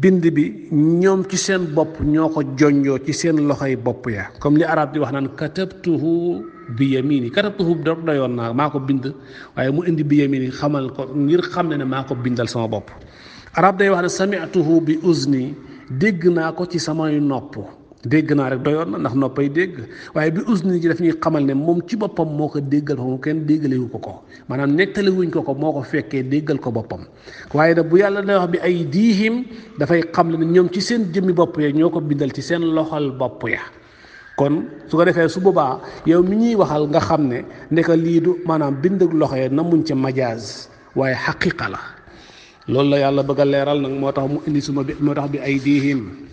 bind bi ñoom ci seen bopp ñoo ko jonjoo ci seen loxoy bopp ya comme li arab di wax naan katabtuhu bi yamini katabtuhu dog doyoon naa maa ko bind waaye mu indi bi xamal ko ngir xam ne ne maa ko bindal sama bopp arab day wax ne sami'tuhu bi uzni dégg naa ko ci samay nopp dégg naa rek doyoon na ndax noppay dégg waaye bi usni ji dafa ñuy xamal ne moom ci boppam moo ko déggal ko kenn déggalewu ko ko maanaam nettaliwuñ ko ko moo ko fekkee déggal ko boppam waaye bu yàlla day bi ay diihim dafay xam ne ñoom ci seen jëmmi bopp ya ñoo ko bindal ci seen loxol bopp ya kon su ko defee su boobaa yow mi ñuy waxal nga xam ne ndeka lii du maanaam bindug loxo ya namuñ ca majaaz waaye xaqiqa la loolu la yàlla bëgg leeral nag moo tax mu indi suma bi moo tax bi ay diihim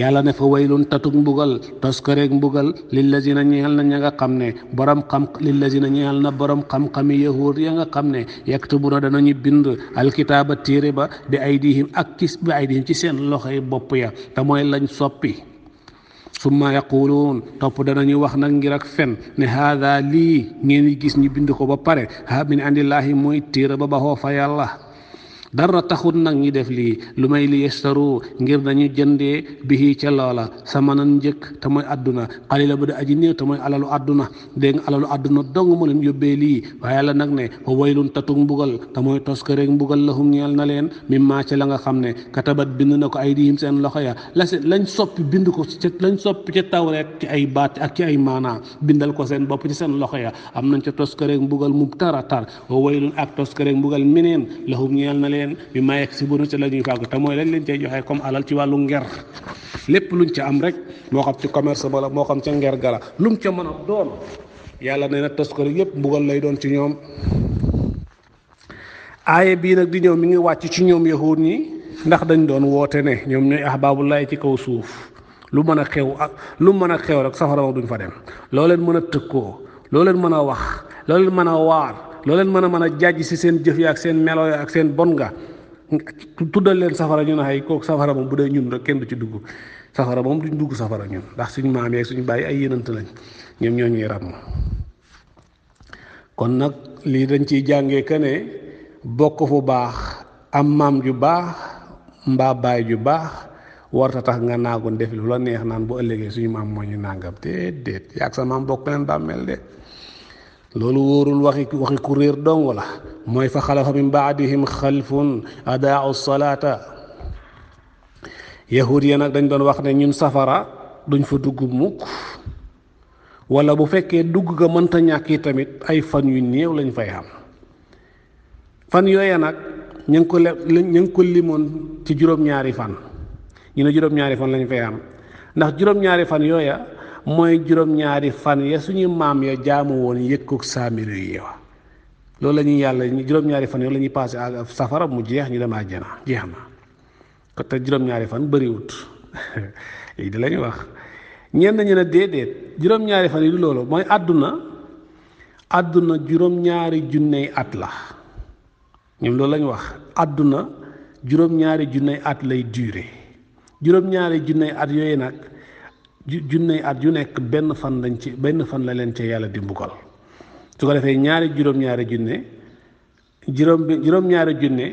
yàlla ne fa waylun tatuk mbugal toskareeg mbugal lillazina ñeel na ña nga xam ne borom xam lillazina ñeel na borom xam-xami yahud ya nga xam ne yaktubuna danañu bind alkitaaba téere ba bi aydihim ak ci bi aydihim ci seen loxo loxoy bopp ya te mooy lañ soppi summa yaquluun topp danañu wax nag ngir ak fen ne haada lii ngeen gis ñu bind ko ba pare ha min andillaahi mooy téere ba ba xoo yàlla dara taxut nag ñi def lii lu may li yestaru ngir dañu jëndee bihi ca sama samanan njëkk te mooy àdduna xalila ba da aji néew te mooy alalu àdduna dégg nga alalu àdduna dong moo leen yóbbee lii waaye yàlla nag ne wa waylun tatug mbugal te mooy toskareeg mbugal lahum ñeel na leen mimmaa ci la nga xam ne katabat bind na ko ay diim seen loxo ya la lañ soppi bind ko ci lañ soppi ca tawreet ci ay baat ak ci ay maanaa bindal ko seen bopp ci seen loxo ya am nañ ca toskareeg mbugal mu tara tar wa waylun ak leen bi maa yegg si bu ci la ñuy fàgg te mooy lañ leen cey joxe comme alal ci wàllu nger lépp luñ ca am rek moo xam ci commerce ba la moo xam ca nger gala lu mu ca mën doon yàlla nee na tas ko yëpp mbugal lay doon ci ñoom aaye bii nag di ñëw mi ngi wàcc ci ñoom yahuud nii ndax dañ doon woote ne ñoom ñooy ahbaabullaay ci kaw suuf lu mën a xew ak lu mën a xew rek safara wax duñ fa dem loo mën a tëkkoo loo mën a wax loo mën a waar looleen leen mën a mën a jàjj si seen jëf yi ak seen melo yi ak seen bon nga tuddal leen safara ñu nax ay kooku safara moom bu dee ñun rek kenn du ci dugg safara moom duñ dugg safara ñun ndax suñu maam yeeg suñu bàyyi ay yénant lañ ñoom ñoo ñuy ràmm kon nag lii dañ ciy jàngee que ne bokk fu baax am maam ju baax mbaa baay ju baax warta tax nga naagoon def lu la neex naan bu ëllëgee suñu maam mooy ñu nàngam déet déet yaag sa maam bokk leen bàmmeel de loolu wóorul waxi waxi ku réer dong la mooy fa xalafa min baadihim xalfun adaau salaata yahud ya nag dañ doon wax ne ñun safara duñ fa dugg mukk wala bu fekkee dugg ga mënta ñàkk yi tamit ay fan yu néew lañ fay xam fan yooya nag ñu ko le ñu ko limoon ci juróom-ñaari fan ñu ne juróom-ñaari fan lañ fay am ndax juróom-ñaari fan yooya mooy juróom-ñaari fan ya suñu maam ya jaamu woon yëkkug saamiri yi wa loolu lañuy yàlla juróom-ñaari fan yooyu la ñuy passé safara mu jeex ñu dem àjjana jeex na ko te juróom fan bëriwut lii di wax ñenn ñu ne déedéet fan yi mooy àdduna àdduna juróom-ñaari at la ñoom loolu lañu wax àdduna juróom-ñaari junney at lay duré juróom-ñaari junney at yooyu nag junney at yu nekk benn fan lañ ci benn fan la leen ci yàlla di mbugal su ko defee ñaari juróom-ñaari junne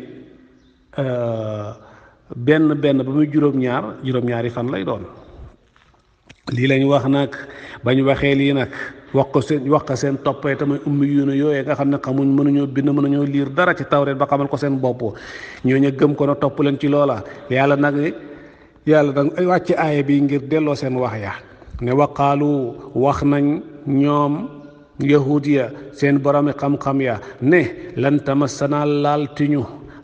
euh, benn benn ba muy juróom-ñaar juróom-ñaari fan lay doon lii lañ wax nag bañ waxee lii nag wax ko seen wax ko seen toppee tamit ummi yu ne yooyee nga xam ne xamuñ mënuñoo bind mënuñoo liir dara ci tawreet ba xamal ko seen bopp ñooñu gëm ko na topp leen ci loola yàlla nag yàlla danga wàcc aaya bii ngir delloo seen wax ya ne waqaalu wax nañ ñoom yahud seen boromi xam-xam ya ne lan tamassana laal tiñu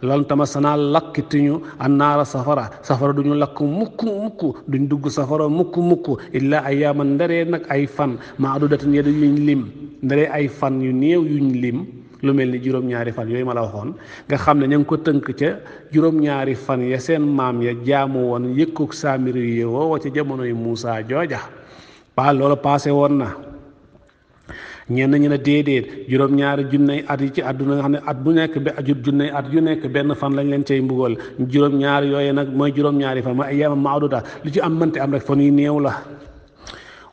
lan tamassana lakk tiñu annaara safara safara duñu lakk mukk mukk duñ dugg safara mukk mukk illaa ayyaaman ndaree nag ay fan maadudatin ya yuñ lim ndaree ay fan yu néew yuñ lim lu mel ni juróom-ñaari fan yooyu ma la waxoon nga xam ne ña ngi ko tënk ca juróom-ñaari fan ya seen maam ya jaamu woon yëkkuk saamiri yi woowa ca yu Muusaa jooja pa loolu paase woon na ñenn ñu ne déedéet juróom-ñaari junney at yi ci àdduna nga xam ne at bu nekk ba ajut junney at yu nekk benn fan lañ leen cay mbugal juróom ñaari yooyu nag mooy juróom-ñaari fan mooy ay yaama maaduda lu ci am mënte am rek fan yu néew la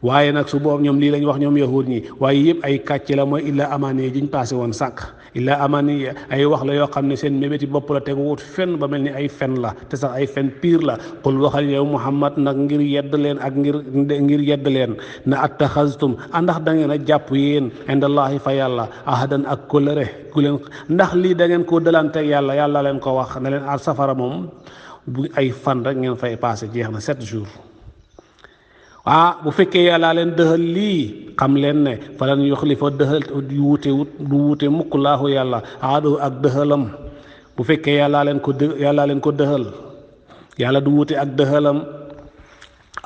waaye nag su boobu ñoom lii lañ wax ñoom yahud ñi waaye yëpp ay kàcc la mooy illaa amaani jiñ passé woon sànq illaa amaani ay wax la yoo xam ne seen mébéti bopp la teg wut fen ba mel ni ay fen la te sax ay fen piir la qul waxal yow muhammad nag ngir yedd leen ak ngir ngir yedd leen na attaxastum ndax da ngeen a jàpp yéen indallahi fa yàlla ahadan ak kóllëre ku leen ndax lii da ngeen koo dalante yàlla yàlla leen ko wax na leen a safara moom bu ay fan rek ngeen fay passé jeex na sept jours ah bu fekkee yàllaa leen dëxal lii xam leen ne falan yuxlifa dëxal du wuute du wuute mukk laahu yàlla aadu ak dëxalam bu fekkee yàllaa leen ko dë yàllaa leen ko dëxal yàlla du wuute ak dëxalam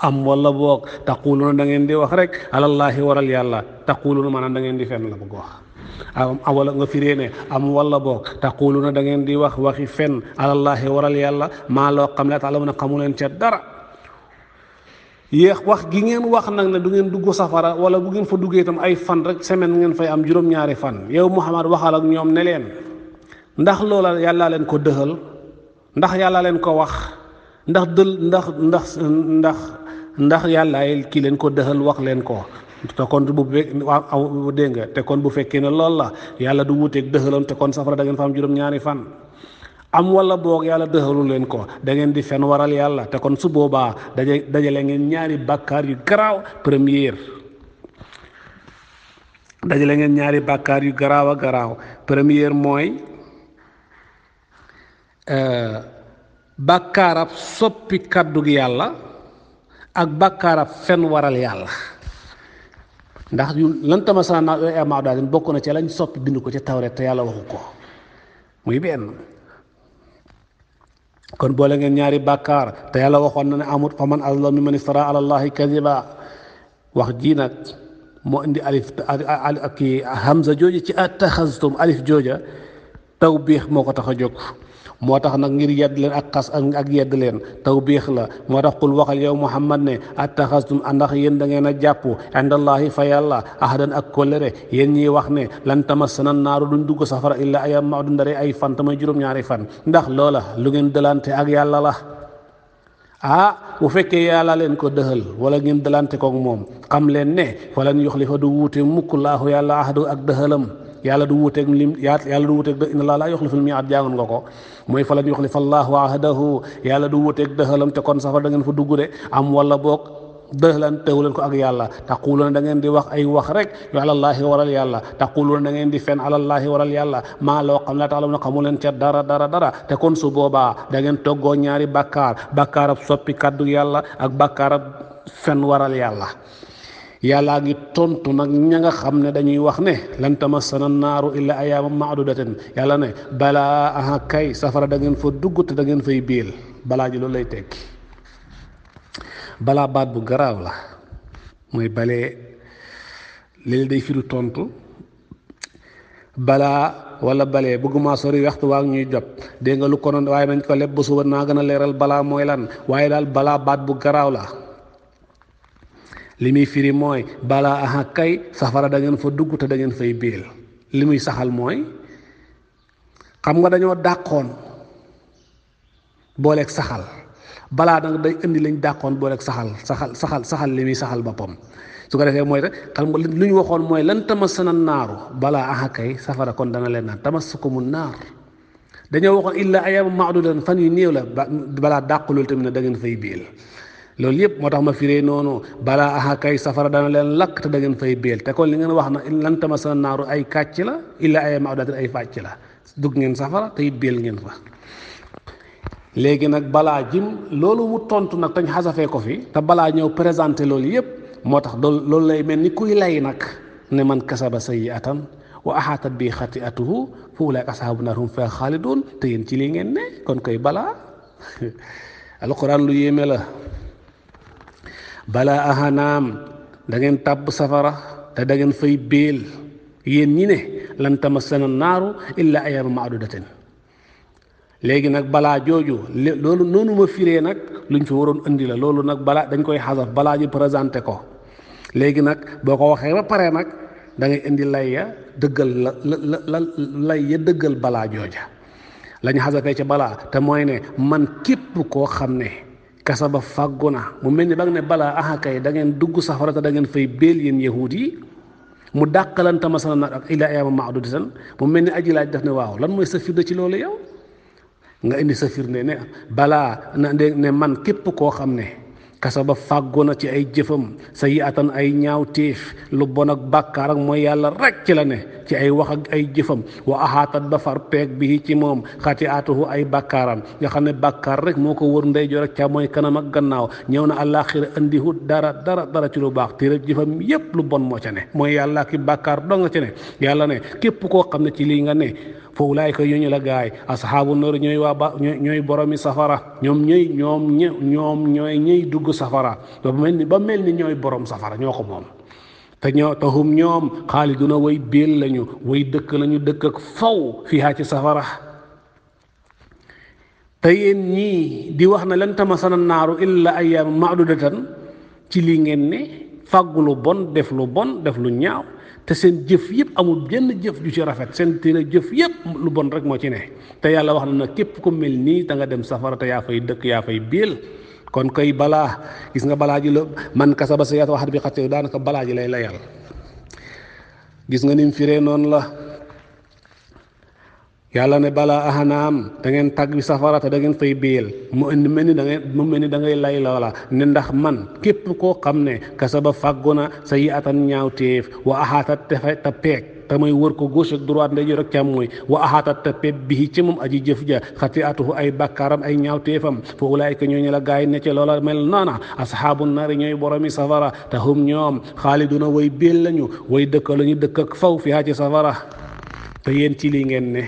am wala boog taquluna da ngeen di wax rek alallaahi waral yàlla taquluna maanaam da ngeen di fen la bëgg wax am wala nga firee ne am wala boog taquluna da ngeen di wax waxi fenn alallaahi waral yàlla maa loo xam ne taalamu na xamu leen ca dara yéex wax gi ngeen wax nag ne du ngeen dugg safara wala bu ngeen fa duggee tam ay fan rek semaine ngeen fay am juróom-ñaari fan yow Muhammad waxal ak ñoom ne leen ndax loola yàllaa leen ko dëxal ndax yàllaa leen ko wax ndax dël ndax ndax ndax ndax yàllaay kii leen ko dëxal wax leen ko te kon bu aw dégg nga te kon bu fekkee ne loolu la yàlla du wuuteeg dëxalam te kon safara da fa am juróom-ñaari fan am walla boog yàlla dëxalu leen ko dangeen di fen waral yàlla te kon su boobaa daje dajale ngeen ñaari bàkkaar yu garaaw première dajale ngeen ñaari bàkkaar yu garaaw a garaaw première mooy euh, bàkkaarab soppi kàddug yàlla ak bàkkaarab fen waral yàlla ndax yu lan tama sana naa yooyu amaadaatin bokk na ci lañ soppi bind ko ci tawret te yàlla waxu ko muy benn kon boole ngeen ñaari bàkkaar te yàlla waxoon na ne amut fa man azlamu mimman iftara ala allahi kadiba wax ji nag moo indi alif kii hamza jooja ci attaxastum alif jooja taw biix moo ko tax a jóg moo tax nag ngir yedd leen ak xas ak yedd leen taw biix la moo tax xul waxal yow muhammad ne attaxastum andax yéen da ngeen a jàpp indallaahi fa yàlla ahadan ak kóllëre yéen ñiy wax ne lan tamassana naaru duñ dugg safara illaa ayam ma dundare ay fan tamay juróom-ñaari fan ndax loola lu ngeen dalante ak yàlla la ah bu fekkee yàlla leen ko dëxal wala ngeen dalante koog moom xam leen ne falan yuxlifa du wuute mukk laahu yàlla ahadu ak dëxalam yàlla du wuuteeg lim yàlla du wuuteeg inna laa laa yuxliful mii'aad jàngoon nga ko mooy fa lan yuxlifa llaahu ahdahu yàlla du wuuteeg dëxalam te kon safara da ngeen fa dugg de am wala boog dëxalan teewu leen ko ak yàlla taquluuna da ngeen di wax ay wax rek yu alallaahi waral yàlla taquluuna da ngeen di fen alallaahi waral yàlla maa loo xam laa ta'lamuuna xamu leen ca dara dara dara te kon su boobaa da ngeen toggoo ñaari bakkaar bakkaarab soppi kaddu yàlla ak bakkaarab fen waral yàlla yàlla ngi tontu nag ña nga xam ne dañuy wax ne lan tamassana naaru illa ayaaman maadudatin yàlla ne balaa aha kay safara da ngeen fa dugg te da fay biil balaa ji loolu lay tekki balaa baat bu garaaw la mooy balee léegi day firu tontu balaa wala balee bëgguma sori waxtu waa ñuy jot dégg nga lu konoon waaye dañ ko leb ba suba naa gën a leeral balaa mooy lan waaye daal balaa baat bu garaaw la li muy firi mooy balaa aha kay safara dangeen ngeen fa dugg te da ngeen fay biil li muy saxal mooy xam nga dañoo dàqoon booleeg saxal balaa danga day indi lañ dàqoon booleeg saxal saxal saxal saxal li muy saxal boppam su ko defee mooy rek xam nga lu ñu waxoon mooy lan tamassana naaru balaa aha kay safara kon dana leen naan tamassukumu naar dañoo waxoon illa ayama maadudan fan yu néew la balaa dàqulul tamit ne dangeen fay biil loolu yëpp moo tax ma firee noonu balaa aha kay safara dana leen lakk da ngeen fay béel te kon li ngeen wax na lan tamasana naaru ay kàcc la illa ay mawdatin ay fàcc la dugg ngeen safara te béel ngeen fa léegi nag balaa jim loolu tontu nag tañ xasafee ko fi te balaa ñëw présenté loolu yëpp moo tax loolu lay mel ni kuy lay nag ne man kasaba sayyi'atan wa ahaatat bi xati'atuhu fa ulaa'ika ashaabu naar hum fiihaa xaaliduun te yéen ci lii ngeen ne kon koy balaa alquran lu yéeme la balaa ahanaam dangeen ngeen tàbb safara te dangeen ngeen fay béel yéen ñi ne lan tamassana naaru illaa ayyaama maadudatin léegi nag balaa jooju loolu noonu ma firee nag luñ fi waroon indi la loolu nag balaa dañ koy xasaf balaa ñu présenté ko léegi nag boo ko waxee ba pare nag da ngay indi lay ya dëggal la la la lay ya dëggal balaa jooja lañ xasafee ci balaa te mooy ne man képp koo xam ne kasaba fàggu na mu mel ni ba nga ne balaa aha kay da ngeen dugg safara te da ngeen fay béel yéen yahuud yi mu dàqalante masala nag ak ilaa ayaamin ma'duudatan mu mel ni aji laaj daf ne waaw lan mooy sa firnde ci loolu yow nga indi sa firnde ne balaa na ne man képp koo xam ne kasaba fàggu na ci ay jëfam sa yi ay ñaaw téef lu bon ak bàkkaar mooy yàlla rek ci la ne ci ay wax ak ay jëfam wa ahaatat ba far peeg bi ci moom xatiaatuhu ay bàkkaaram nga xam ne bàkkaar rek moo ko wër ndeyjoor ak mooy kanam ak gannaaw ñëw na àllaaxira andihu dara dara dara ci lu baax rek jëfam yépp lu bon moo ca ne mooy yàlla ki bàkkaar doo nga ci ne yàlla ne képp koo xam ne ci lii nga ne fa ulaayka ñooñu la gaay asxaabu naar ñooy waa ba ñooy boromi safara ñoom ñooy ñoom ñoom ñooy ñuy dugg safara ba mel ni ba mel ni ñooy borom safara ñoo ko moom te ñoo te hum ñoom xaaliduna way béel lañu way dëkk lañu dëkk ak faw fiihaa ci safara te yéen ñii di wax na lan tamasana naaru illa de maadudatan ci lii ngeen ne fàggu bon def lu bon def lu ñaaw te seen jëf yëpp amul jenn jëf ju ci rafet seen teel jëf yëpp lu bon rek moo ci ne te yàlla wax na na képp ku mel nii te nga dem safara te yaa fay dëkk yaa fay biil kon koy balaa gis nga balaa ji la man kasa ba sa yaatu waxat bi xatir daanaka balaa ji lay layal gis nga ni mu noon la yàlla ne balaa ahanaam dangeen ngeen tag bi safara te da ngeen fay béyal mu indi mel ni da mu mel ni da ngay lay loola ne ndax man képp koo xam ne kasa ba fàggu na sa yi atan ñaaw téef wa axaatat te peeg te mooy wër ko gauche ak droite ndeyjoor ak càmmooñ wa axaatat te pep bi ci moom aji jëf ja xati atuhu ay bàkkaaram ay ñaawteefam fa ulaayka ñoo ñu la gaay ne ca loola mel noona asxaabu nari ñooy boromi safara te hum ñoom xaaliduna way béel lañu way dëkk lañu dëkk ak faw fi ci safara te yéen ci lii ngeen ne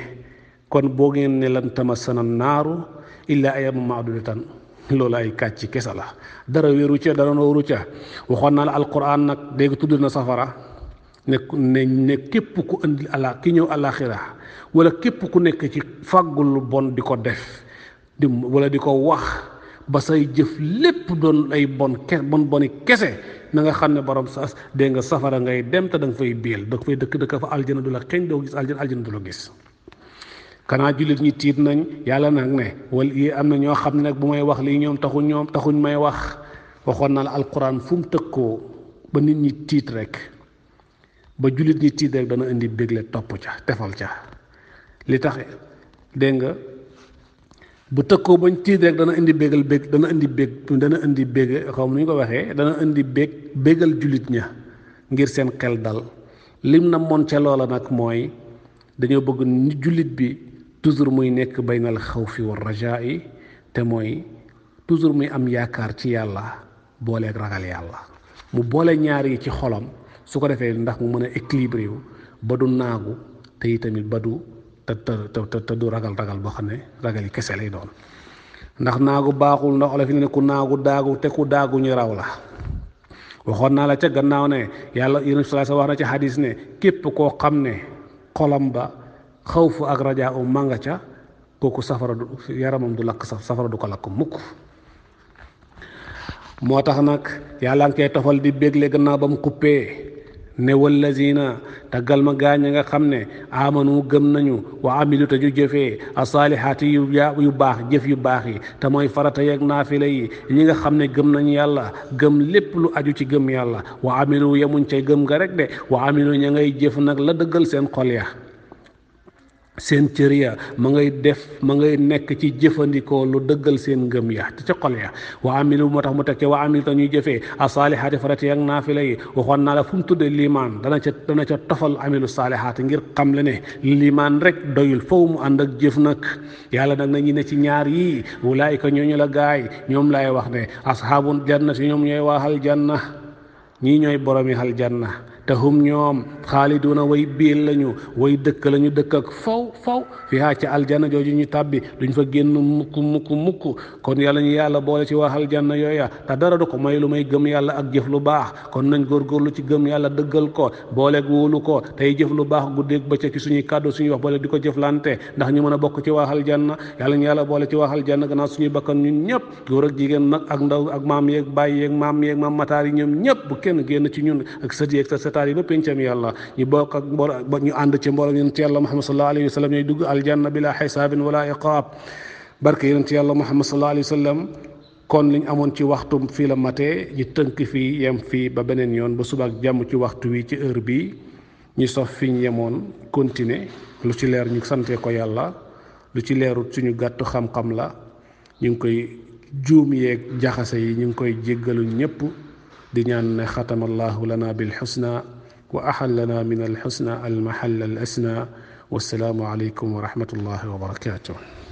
kon boo ngeen ne lan tamassana naaru illaa ayyaman ma'dudatan loolu ay kàcc kese la dara wéeru ca dara nooru ca waxoon na la alquran nag dégg tudd na safara nekku ne ne képp ku indi ala ki ñëw alaxira wala képp ku nekk ci fàggul bon di ko def di wala di ko wax ba say jëf lépp doon ay bon ke bon boni kese na nga xam ne borom sa dégg nga safara ngay dem te da fay biil da nga fay dëkk dëkk fa aljana du la xeeñ doo gis aljana aljana du la gis kanaa jullit ñi tiit nañ yàlla nag ne wala yi am na ñoo xam ne nag bu may wax lii ñoom taxuñ ñoom taxuñ may wax waxoon na la alquran fu mu tëkkoo ba nit ñi tiit rek ba jullit ñi tiit rek dana indi bégle topp ca tefal ca li tax dégg nga bu tëkkoo bañ tiit rek dana indi bégal bég dana indi bég dana indi bég xaw ma nu ñu ko waxee dana indi bég bégal jullit ña ngir seen xel dal lim na moon loola nag mooy dañoo bëgg ni jullit bi toujours muy nekk baynal xawfi wa rajaa yi te mooy toujours muy am yaakaar ci yàlla booleeg ragal yàlla mu boole ñaar yi ci xolam su ko defee ndax mu mën a équilibré wu ba du naagu te tamit ba du te te du ragal ragal boo xam ne ragal yi kese lay doon ndax naagu baaxul ndax olof yi ne ku naagu daagu te ku daagu ñu raw la waxoon naa la ca gannaaw ne yàlla yonent bi wax na ci xadis ne képp koo xam ne xolam ba xaw fu ak rajaa u mànga ca kooku safara du yaramam du lakk safara du ko lakk mukk moo tax nag yàlla nga koy tofal di bégle gannaaw ba mu xuppee ne wallazina taggal ma gaañ nga xam ne amanu gëm nañu waa amilu te ñu jëfee asaalihaati yu yu baax jëf yu baax yi te mooy farata yeeg naafila yi ñi nga xam ne gëm nañu yàlla gëm lépp lu aju ci gëm yàlla wa amilu yemuñ ca gëm ga rek de wa amilu ñu ngay jëf nag la dëggal seen xol ya seen cër ya ma ngay def ma ngay nekk ci jëfandikoo lu dëggal seen ngëm ya ci ca xol ya wa amilu moo tax mu tekkee wa amil te ñuy jëfee a saalihaati farati ak naafila yi waxoon naa la fu mu tuddee limaan dana ca dana ca tofal amilu saalihaati ngir xam le ne limaan rek doyul foofu mu ànd ak jëf nag yàlla nag na ñi ne ci ñaar yii wulaayika ñooñu la gaay ñoom lay wax ne ashaabul janna si ñoom ñooy waaxal janna ñii ñooy boromi xal na te hum ñoom xaaliduuna way biil lañu way dëkk lañu dëkk ak faw faw fiha ca aljana jooju ñu tàbbi duñ fa génn mukk mukk mukk kon yàlla ñu yàlla boole ci wax aljanna yooya te dara du ko may lu may gëm yàlla ak jëf lu baax kon nañ góorgóorlu ci gëm yàlla dëggal ko booleeg wóolu ko tey jëf lu baax guddeeg bëccëg ci suñuy kàddu suñuy wax boole di ko jëflante ndax ñu mën a bokk ci wax aljanna yàlla ñu yàlla boole ci wax aljanna gannaaw suñuy bakkan ñun ñëpp góor ak jigéen nag ak ndaw ak maam yeeg bàyyi yeeg maam yeeg maam mataar yi ñoom ñëpp bu kenn génn ci ñun ak sët yeeg sa taaliba pencam yàlla ñu bokk ak mbooloo ñu ànd ci mbooloo yonent yàlla Muhammad sallallahu alayhi wa sallam ñooy dugg aljanna bila xisaabin wala iqaab barke yonent yàlla Muhammad sallallahu alayhi wa sallam kon liñ amoon ci waxtu fii la matee ñu tënk fii yem fii ba beneen yoon ba suba ak jàmm ci waxtu wi ci heure bi ñu sof fi ñu yemoon continuer lu ci leer ñu sante ko yàlla lu ci leerut suñu gàttu xam-xam la ñu ngi koy juum yeeg jaxase yi ñu ngi koy jéggalu ñëpp di ñaan ne xatama allahu lana bilxusna wa axallana min alxusna almaxalla al asna wassalaamu aleykum wa rahmatullahi wa barakaatuh